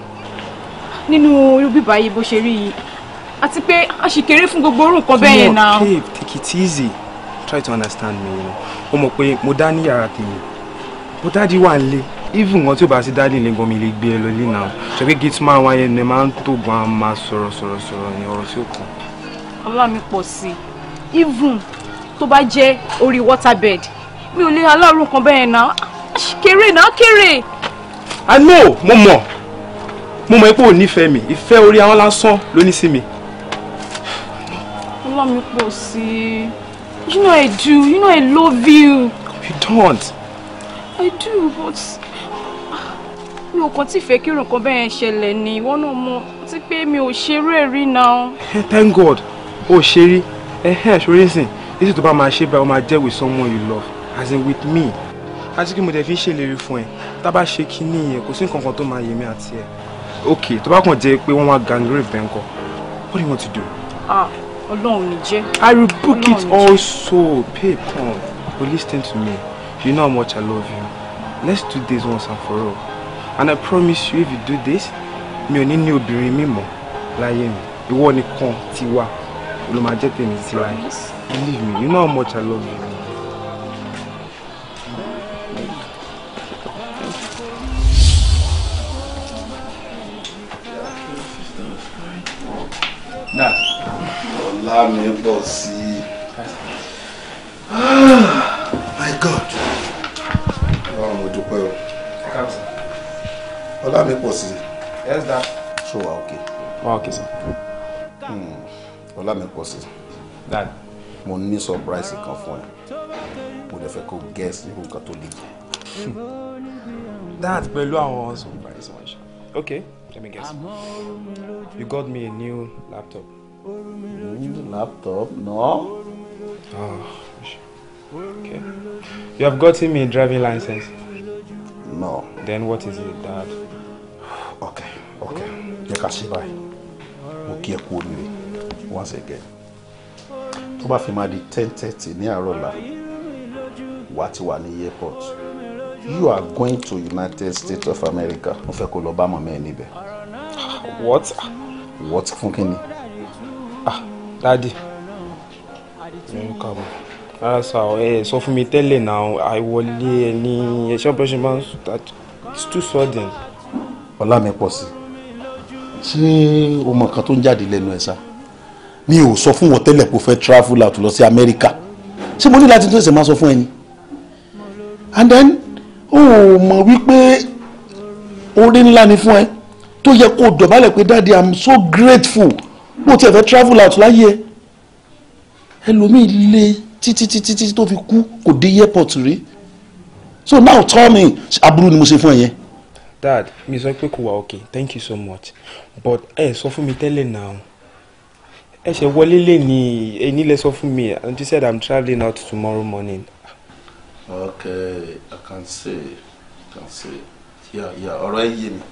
Nínú irú bíbá yìí bó ṣe rí yìí. Àti a ṣì kéré fún gbogbo orú nǹkan bẹ́ẹ̀ yẹn now. Come on, babe, take it easy. Try to understand me. Ó mọ̀ pé mo dá ní yàrá tèmi. Mo dá di wà ń even nǹkan tí ò bá sí dálì lẹ́gàn mi lè gbé ẹ lọ lé náà ṣe pé gate man wáyé ni máa ń tó gan an máa sọ̀rọ̀ sọ̀rọ̀ sọ̀rọ̀ ní ọ̀rọ̀ tí ó kàn. ọlá mi pọ̀ sí i even tó bá jẹ́ orí waterbed mi ò lè aláàrùn kan bẹ́ẹ̀ náà kéré náà kéré. i know mo mọ̀ mo mọ̀ pé ò nífẹ̀ẹ́ mi ìfẹ́ orí àwọn lásán ló ní sí mi. ọlá mi pọ̀ sí i you know i do you know i love you. you don't. i do but mi ò kàn tí fẹ́ kí nǹkan bẹ́ẹ̀ ṣẹlẹ̀ ni ìwọ náà mọ ti pé mi ò ṣerú ẹ̀ rí náà. Eh, thank god ó ṣe rí ẹhẹ́ ṣorí sìn títí tó bá máa ṣe báyìí ó máa jẹ́ with someone you love as in with me àti kí mo dẹ̀ fi ń ṣèlérí fún ẹ tá a bá ṣe kinní yẹn kò sí nǹkan kan tó máa yẹ mí àti ẹ ok tó bá kàn jẹ́ pé wọ́n wá gangrene bẹ́ẹ̀ what do you want to do. ah ọlọ́run ní jẹ́. i will book it also pay. come but listen to me you know how much i love you let's do this once and for all and I promise you if you do this mi ò ní ní obìnrin mi mọ́ láyé mi ìwọ nìkan ti wà ló máa jẹ́ tèmi ti láyé believe me you know how much I love you. Dad. Ọlá mi bọ̀ ọlá mi pọ̀ sí yes dad. ṣó wa ok. wa ok sir. Hmm, ọlá mi pọ̀ sí dad. mo ní surprise kan fún ẹ mo dẹ̀ fẹ́ kó guess irú nǹkan tó lè jẹ. dad pẹ̀lú àwọn surprise wọn ṣe ok let me guess you got me a new laptop. new laptop no. Oh, okay. You have gotten me a driving license? No. Then what is it, Dad? ok jẹ ká ṣe báyìí mo kí ẹ once again tó bá fi máa di ten thirty ní àárọ̀ la wà á airport you are going to United States of America mo fẹ́ kó lọ bá mọ̀ mẹ́ẹ̀ ah, what ah, what fún kí ni ah dadi ẹ ń kà bọ̀ rárá ah, sá ẹ sọ fún mi tẹ́lẹ̀ náà àìwọlé ẹ ní ẹ̀ṣọ́ bẹ́ẹ̀ ṣe máa ń too sudden. ọlá mi pọ̀ sí i ṣé o mọ̀ kan tó ń jáde lẹ́nu ẹ̀ sá mi ò sọ fún wọn tẹ́lẹ̀ kó fẹ́ travel out lọ sí America. ṣé mo ní láti tún ẹsẹ̀ máa sọ fún ẹni and then o ò mọ̀ wípé orí ńlá ni fún ẹ tó yẹ kó dọ̀bálẹ̀ pé dáàdi i'm so grateful bó tiẹ̀ fẹ́ travel out láyé ẹ ẹlòmíì lé títí títí tó fi kú kò dé airport rí so now tell me aburú ni mo ṣe fún ẹ yẹn dad mi sọ pé kò wá okay thank you so much but ẹ sọ fún mi tẹ́lẹ̀ náà ẹ ṣe wọlé lè ní ẹni lẹ sọ fún mi and you said i'm travelling out tomorrow morning. okay i can say i can say yeah yeah ọ̀rọ̀ ẹ yé mi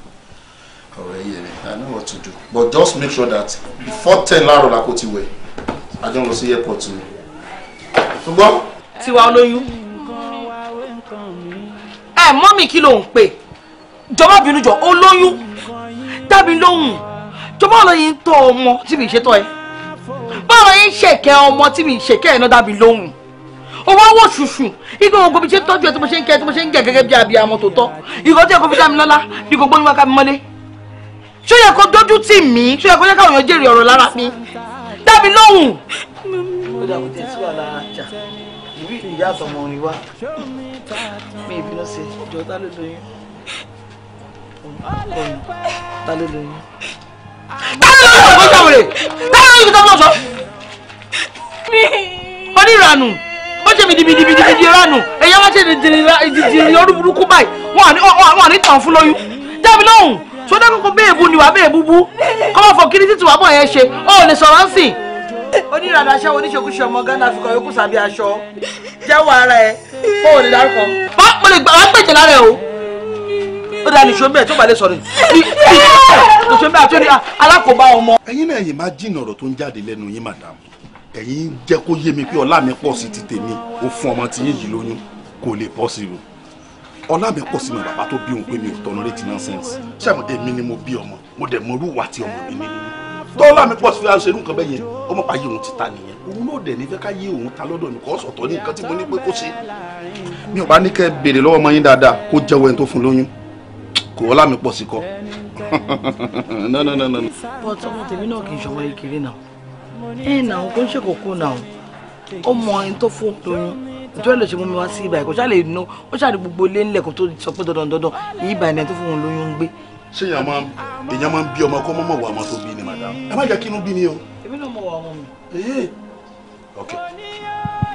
ọ̀rọ̀ ẹ yé mi i know what to do but just make sure that before ten láàárọ̀ la kò ti wẹ̀ àjọ lọ sí airport mi. ṣùgbọ́n. tiwa olóyún. ẹ mọ́mì kí ló ń pè jọ̀ọ́ bínú jọ olóyún dábì lóhùn jọ̀ọ́ lóyún tó ọmọ tí mi ṣètọ́ ẹ báwo yín ṣèkẹ́ ọmọ tí mi ṣèkẹ́ ẹ̀ náà dábì lóhùn owó wò ṣùṣù igbó gbogbo mi ṣe ẹ tí mo ṣe ń kẹ́ tí mo ṣe ń jẹ gẹ́gẹ́ bí abiyamọ tó tọ́ ìgbọ́ tí ẹ̀kọ́ fi dá mi lọ́lá ni gbogbo níwájú mi mọ́lé ṣó yẹ kó dójú tì mí ṣó yẹ kó yẹ káwọn èèyàn jèrè ọ̀rọ̀ lára mi dábì lóhùn. ó dàbò tẹ̀ sí wàhálà àjà ìwé ìyá àtọmọ orin wa mi ìbínú sí ìjọ lóyún ọ̀nà ta ló lóyún. ta ló lóyún ọ̀gbọ́n jàwèrè ta ló lóyún tọ́jú ọ̀sọ́. onírànù ó ṣe bìdìbìdìbìdì ránù ẹ̀yà wá ṣe ìdìdì orí burúkú báyìí wọn à ní tàn fún lóyún jábí lóhùn tó dẹ́kun kó bẹ́ẹ̀ bu ni wà bẹ́ẹ̀ búbú kọ́ mọ̀ fọ kí ní títí wà bọ̀ yẹn ṣe ó lè sọ̀rọ̀ ń sìn onírànà aṣẹ́ oníṣekúṣe ọmọ ghana fi kọ́ yókù sábẹ́ aṣọ jẹ́wọ́ ara ẹ̀ fóònù dárúkọ. bá mo lè gbà wá gbèjì lára ẹ o ó dáa nìṣó bẹ́ẹ̀ tó bá lè sọ̀rọ̀ nìṣó bẹ́ẹ̀ àti alákòóbá ọmọ. ẹ̀yin náà ẹ̀yin máa jìnnà ọ̀rọ̀ tó ń jáde lẹ́nu yín màdàmú ẹ̀yin jẹ́ kó yé mi pé ọlá mi pọ̀ sí ti tèmi ó fún ọmọ tí yín yìí lóyún kò lè pọ̀ sí o ọlá mi pọ̀ sí mi bàbá tó bí òun pé mi ò tọ̀nà létí nonsense ṣáà èmi ni mo bí ọmọ mo dẹ̀ mọ orúwà tí ọmọ mi ní tọ́lá mi pọ̀ sí fi aṣọ nǹkan bẹ́ẹ̀ yẹn pa yé òun ti ta nìyẹn òun náà dẹ̀ ní fẹ́ ká yé òun ta lọ́dọ̀ mi kọ́ ní nǹkan tí mo ní pé kó ṣe mi ò bá ní kẹ́ béèrè lọ́wọ́ ọmọ yín dáadáa kó jẹ́wọ́ ẹni tó fún lóyún kò ọlá mi pọ̀ sí kọ. no no no no. but ọmọ tèmi náà kì í ṣọwọ́ ìkiri náà ẹ̀ náà kò ń ṣèkókó náà ó mọ ẹni tó fún lóyún ìtọ́jú lè ṣe mú mi wá sí ibà ẹ̀kọ́ ṣáà lè ná ó ṣáà lè gbogbo ilé ńlẹ̀kùn tó sọ pé dandan dandan ibà ẹni tó fún òun lóyún ń gbé. ṣé èèyàn máa èèyàn máa ń bí ọmọ kó mọ́mọ́ wà ọmọ tó bí ni madam ẹ má jẹ́ kí inú bí mi o. èmi náà mọ̀ wà ọmọ mi. Eh, eh. ok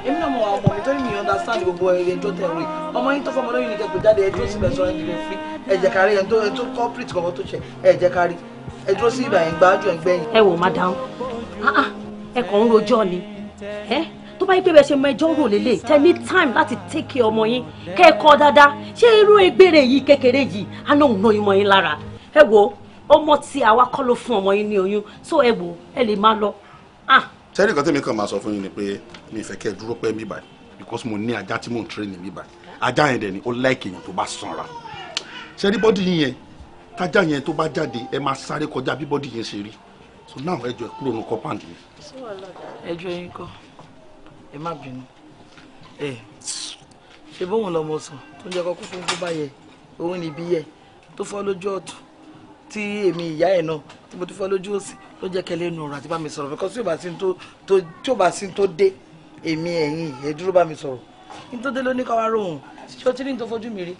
èmi náà mọ àwọn ọmọ mi tó ní mi understand gbogbo ẹjọ́ tẹ̀wé ọmọ yín tó fọmọ lóyún ní kẹpẹ jáde ẹjọ́ síbẹ̀ sọ ẹni rẹ fi ẹ̀jẹ̀ kárí ẹni tó corporate kankan tó ṣe ẹ̀jẹ̀ kárí ẹjọ́ sí ibà yẹn gbájú ẹ̀ gbẹ̀yìn. ẹ wò madam ah, ah. ẹ kàn ń rojọ́ ni tó bá yí pé bẹ́ẹ̀ ṣe mọ ẹjọ́ rò lélẹ̀ tẹ ní time láti take care ọmọ yín kẹ́ ẹ kọ́ dáadáa ṣé irú egbére yìí kékeré yìí á náà ń ná ọmọ yín lára ẹ wo ọmọ tí àwa kọ́ ló fún ọmọ yín ní oyún so ẹ wo ẹ lè má lọ ah sẹ́rí kan tẹ́mi kan máa sọ fún yín ni pé mi ìfẹ́ kẹ́ ẹ dúró pẹ́ mi báyìí because mo ní ajá tí mò ń tírẹ́nì mi báyìí ajá yẹn dẹ̀ ni ó láìkì yẹn tó bá sanra sẹ́rí bọ́dì yẹn tájá yẹn tó bá jáde ẹ máa sáré kọjá bí bọ́dì yẹn ṣe rí so now ẹ jọ̀ọ́ ẹ kúrò ní compound yẹn. ẹ jọ̀ọ́ ẹ̀yin kọ́ ẹ má bínú ẹ ṣe bóun lọmọ sùn tó ń jẹ kọkọ fún kó bá yẹ òun níbí yẹ tó fọ́ lójú ọ̀tún tí èmi ìyá ẹ̀ náà tí mo ti fọ́ lójú òsì ló jẹ́ kẹ́lẹ́ nu ọ̀rọ̀ àti bá mi sọ̀rọ̀ fẹ́ tí ò bá sí tó tí ò bá sí tó dé èmi ẹ̀yìn ẹ̀ dúró bá mi sọ̀rọ̀ ní tó dé ló ní káwá rohùn ṣé o ti ní tó fojú mi rí.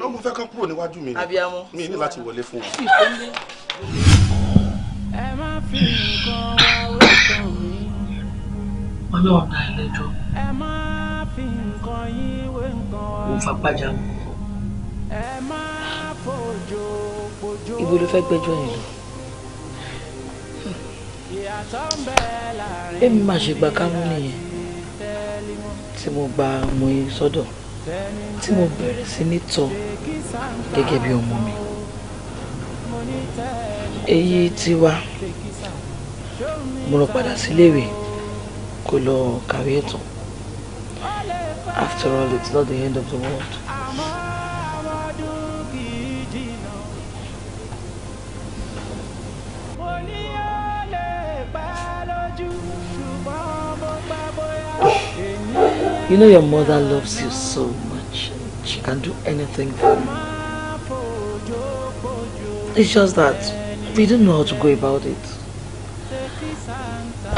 ló mú fẹ́ kán kúrò níwájú mi ni mi ní láti wọlé fún wọn. ẹ má náà ẹlẹ́jọ́. ẹ má fi nǹkan ibo ló fẹ́ gbẹ́jọ́ yìí lọ. èmi máa ṣègbà kámú nìyẹn tí mo gba ọmọ yìí sọ́dọ̀ tí mo bẹ̀rẹ̀ sí ní tọ́ gẹ́gẹ́ bí ọmọ mi. èyí ti wá mo lọ padà síléèwé kó lọ kàwé tán after all it's not the end of the world. You know your mother loves you so much. She can do anything for you. It's just that we don't know how to go about it.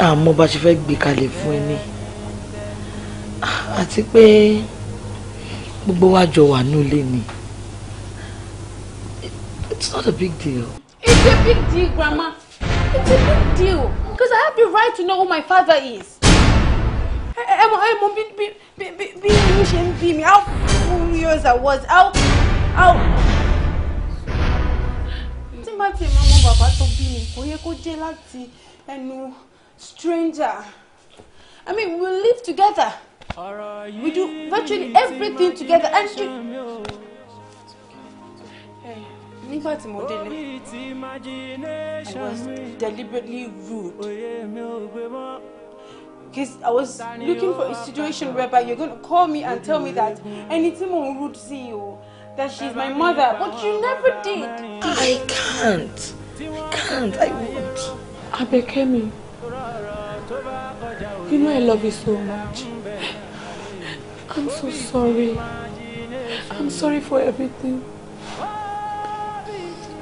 Àmọ́ bá ṣe fẹ́ gbé kalẹ̀ fún ẹ ní. Àti pé gbogbo wa jọ wà ní ilé ni. It's not a big deal. It's a big deal, Grandma. It's a big deal. Because I have the right to know who my father is ẹ mọ ẹ mọ bí bí bí bí inú ṣe ń bí mi how furious I was how how. Think about it, Mama. máa to be tó bí mi kò yẹ kó jẹ́ láti ẹnu stranger I mean we live together we do virtually everything together and you nígbà tí mo délé I was deliberately rude because I was looking for a situation whereby you're going to call me and tell me that anything on route see you, that she's my mother, but you never did. I can't. I can't. I won't. Abekemi, you know I love you so much. I'm so sorry. I'm sorry for everything.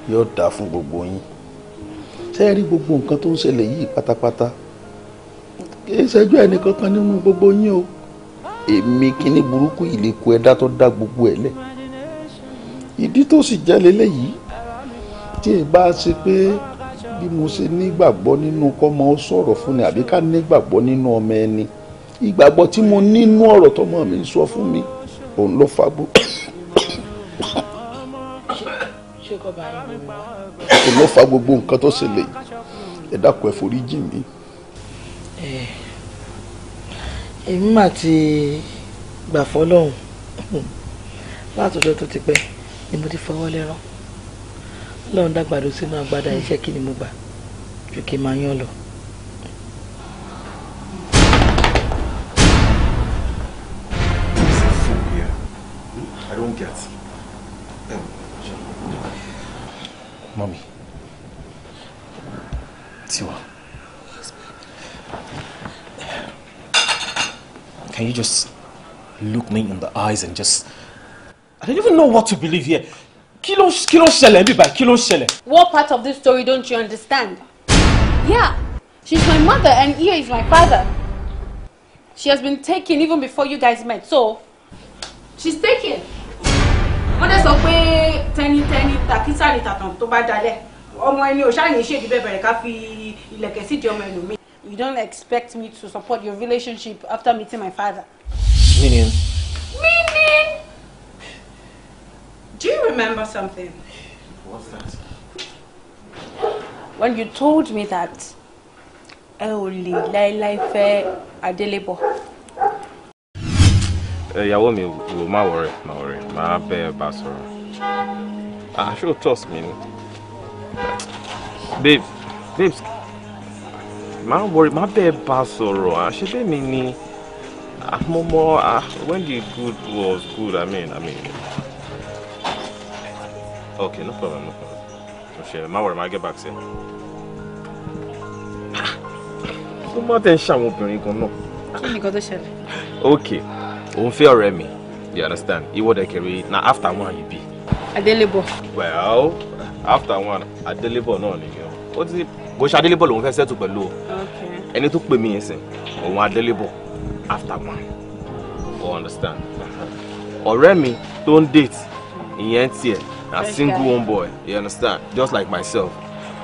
You're dáa fún gbogbo yín. Ṣé ẹ rí say that, tó ń ṣẹlẹ̀ yìí pátápátá? kì í ṣẹ́jú ẹnì kankan nínú gbogbo yín o èmi kíní burúkú ìlẹ̀kùn ẹ̀dá tó dá gbogbo ẹ̀ lẹ̀ ìdí tó sì jẹ́ lélẹ́yìí tí ì bá ṣe pé bí mo ṣe nígbàgbọ́ nínú kọ́mọ ó sọ̀rọ̀ fún mi àbí ká nígbàgbọ́ nínú ọmọ ẹni ìgbàgbọ́ tí mo nínú ọ̀rọ̀ tọmọ mi ń sọ fún mi òun ló fagbó. òun ló fa gbogbo nǹkan tó ṣẹlẹ̀ ẹ dákun ẹ forí jì mí èmi mà ti gbà fọlọ́hún látọjọ́ tó ti pẹ́ ni mo ti fọwọ́ lẹ́rán lọ́run dàgbàdo sínú agbada iṣẹ́ kí ni mo gbà ju kí n máa yán lọ. I don't get Can you just look me in the eyes and just. I don't even know what to believe here. Kilo, kilo kí be by kilo báyìí What part of this story don't you understand? Yeah, she's my mother and here is my father. She has been taken even before you guys met, so she's taken. Wọ́n dẹ̀ sọ pé tẹnitẹni tàkísàrì tàtàn tó bá dalẹ̀ ọmọ ẹni ò ṣáà ní í bẹ̀rẹ̀ ká fi ilẹ̀kẹ̀ sídìí ọmọ ẹlòmíì you don't expect me to support your relationship after meeting my father. Minion. Minion. Do you remember something? What's that? When you told me that ẹ ò lè láéláé fẹ́ Adélébọ̀. Ìyàwó mi wò má wọrẹ̀ má wọrẹ̀ má bẹ́ ẹ bá sọ̀rọ̀. Àṣọ ah, trust me babe, Babe, má wọrí má bẹ́ẹ̀ bá sọ̀rọ̀ àṣebẹ́mi ah, ni ah, mo mọ ah, when the good was good I mean I mean okay no problem no problem ṣe má wọrí má get back sí ẹ. tó má tẹ̀ ń ṣàwọn obìnrin gan náà. kí ni nǹkan tó ṣẹlẹ̀. okay òun fẹ́ ọ̀rẹ́ mi you understand ìwọ dẹ̀ kẹ̀rẹ́ na after one you be. Adélébọ̀. well after one Adélébọ̀ náà nìyẹn ó ti kò ṣe adélébọ̀ lòun fẹ́ sẹ́tù pẹ̀lú o ẹni tó pè mí yẹn sìn òun adélébọ̀ after one o understand ọ̀rẹ́ mi tó ń date ìyẹn tiẹ̀ na single one boy you understand just like myself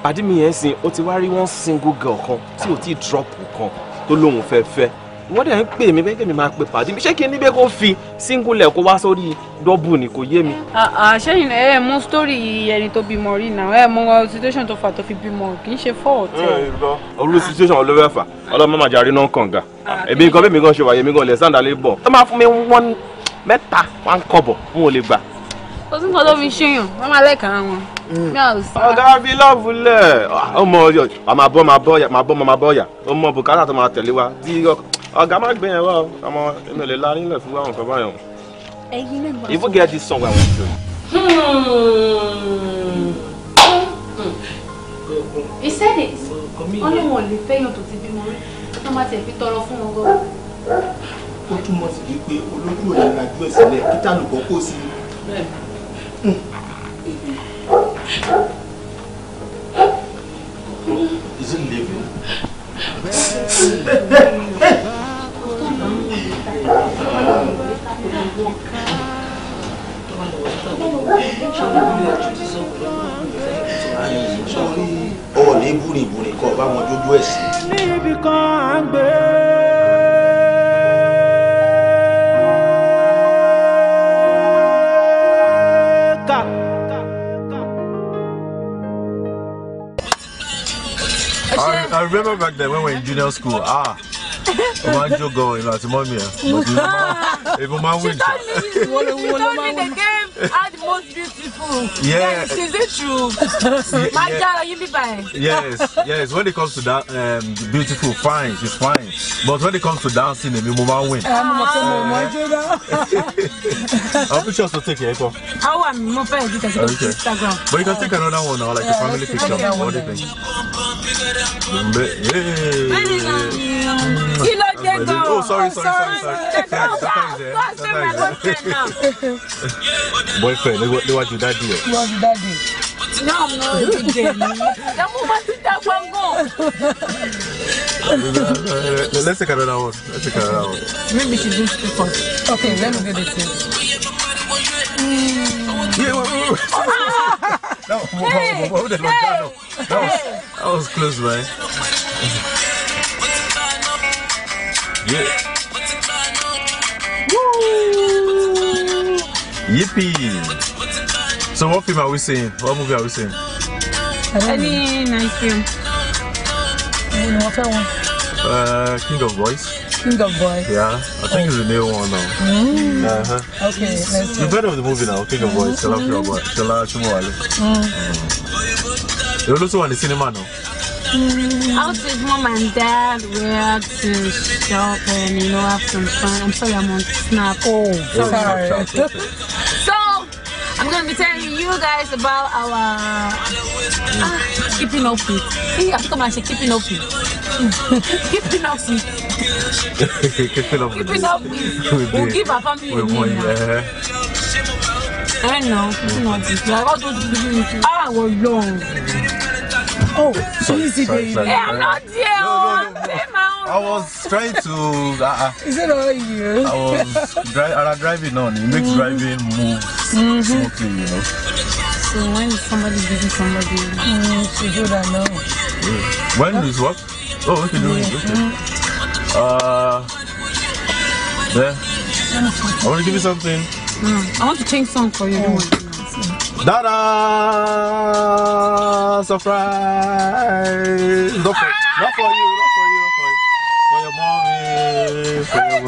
pàdé mi yẹn sìn ó ti wá rí one single girl kan tí ò tí drop kan tó lóun fẹ́ fẹ́ wọ́n dẹ̀ ń pè mí bẹ́ẹ̀ kí mi máa pe pàdé mi ṣé kí n níbẹ̀ kó fi síngulẹ̀ kó wá sórí dọ́bù ni kò yé mi. àṣẹyìn ẹ ẹ sítórì ẹni tó bímọ rí náà ẹ mọ situation tó fà tó fi bímọ kì í ṣe fọ́ọ̀tì. olú situation olówó ẹ̀fà ọlọ́mọ màjà rí náà kànga èmi nǹkan bí mi gan ṣe wà èmi gan lè sàǹdà lè bọ̀. ó máa fún mi wọ́n mẹ́ta wá ń kọ̀bọ̀ n ò lè gbà. ó tún kọ́ ló fi ṣèyàn wọ́n máa lẹ́kàá wọn. ọ̀gá bíi lọ́ọ̀fù lẹ̀ ọmọ ọmọ abọ́ ọ̀gá má gbé yẹn wá o àmọ́ èmi ò lè la nílẹ̀ fún báwọn kan báyọ̀. ẹyin he said it wọ́n ní wọn ò lè fẹ́yàn tó ti bímọ rí tó má tiẹ̀ fi tọrọ fún wọn gan. ó túmọ̀ sí wípé olójú ò ní lajú ẹ̀ sílẹ̀ kí tàlùbọ̀ kò sí. Hmm. Is it living? sórí ọ̀ọ́lẹ́bùrìbùrì kan bá wọn jójú ẹ̀sìn. níbi kan à I remember back then when we were in junior school. Ah, my joke going out to mommy. If my win, she told me the game are the most beautiful. Yeah, yes, is it true? My yeah. girl, you be fine. Yes, yes. When it comes to that, um, beautiful, fine, she's fine. But when it comes to dancing, if you mama win. I'm ah. not I'll be sure to take How am I want more friends because Instagram. But you can take another one or like a family picture. What do you think? Kí ló dé gan-an? Oh, sorry, sorry, sorry, sorry. Boyfriend, níwájú dádì ẹ̀. Níwájú dádì. Náà mo rí dè mí. Ẹ̀mú bá ti dá gbọ̀ngàn. Let's take another one. Let's take another one. Maybe she do speak first. Okay, let me get this. Mm. Yeah, ah! No, hey, what would have done? No, that was close, man. yeah. Woo! Yippee! So, what film are we seeing? What movie are we seeing? Any nice film. Uh, King of Boys. King of Boys. Yeah, I think it's the new one now. Mm. Uh -huh. Okay, let's you better heard of the movie now, King of Boys, Shalash mm. Mm-hmm. Boy, Shalash Shumwale. Mm. Mm. You also want the cinema now? Mm. I'll take mom and dad where to shop and you know have some fun. I'm sorry I'm on Snap. Oh, sorry. so I'm gonna be telling you guys about our uh, keeping up with he has come and say keeping up with hmm. keeping up with keeping up with keeping up with we'll give our family a name now. I know, keeping up with I got those people ah was young. Oh, sorry, easy sorry, baby. Sorry, hey, eh, I'm eh? not there. No, no, no. I was trying to. Uh, Is it all you? I was dri- driving on. It makes mm. driving move mm-hmm. smoothly, you know. saying when is somebody giving somebody mm, to do that now? Yeah. When is what? Oh, okay, no, doing? okay. Mm. Uh, there. I want to give you something. Mm. I want to change song for you. Mm. Da da! Surprise! Not for, not for you, not for you, for For your mommy, for your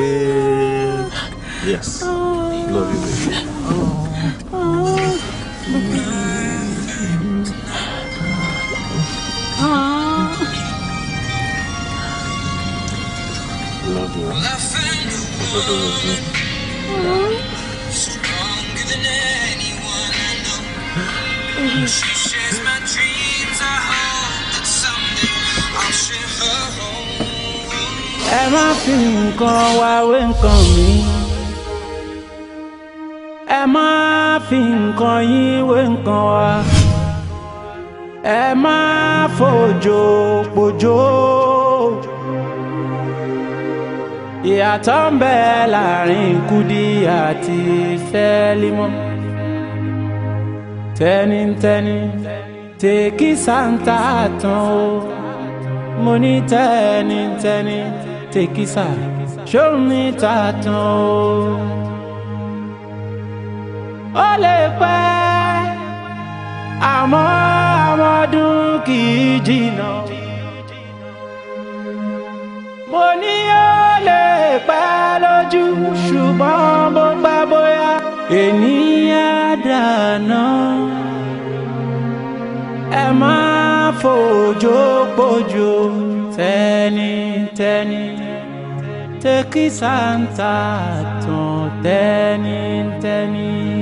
mommy, for your mommy. Yes. Oh. Love you, baby. Oh. Oh. Love you. Love you. She shares my dreams. I hope that someday I'll share her home. Ẹ ẹ má fi nǹkan yín wé nǹkan wa ẹ má fòjò pòjò ìyàtọ̀ ń bẹ láàrin Kúdí àti Sẹ́límọ́ tẹnitẹni tèkí santa tán o mo ní tẹnitẹni tèkí sà ṣóun o ó lè pẹ́ àmọ́ àmọ́dún kì í jìnnà. mo ní ó lè pẹ́ lójú ṣùgbọ́n bó pẹ́ bóyá ènìyàn dáná ẹ máa fòjò pòjò tẹ́nitẹ́ni tẹ́kí sáńtà tán tẹ́nitẹ́ni.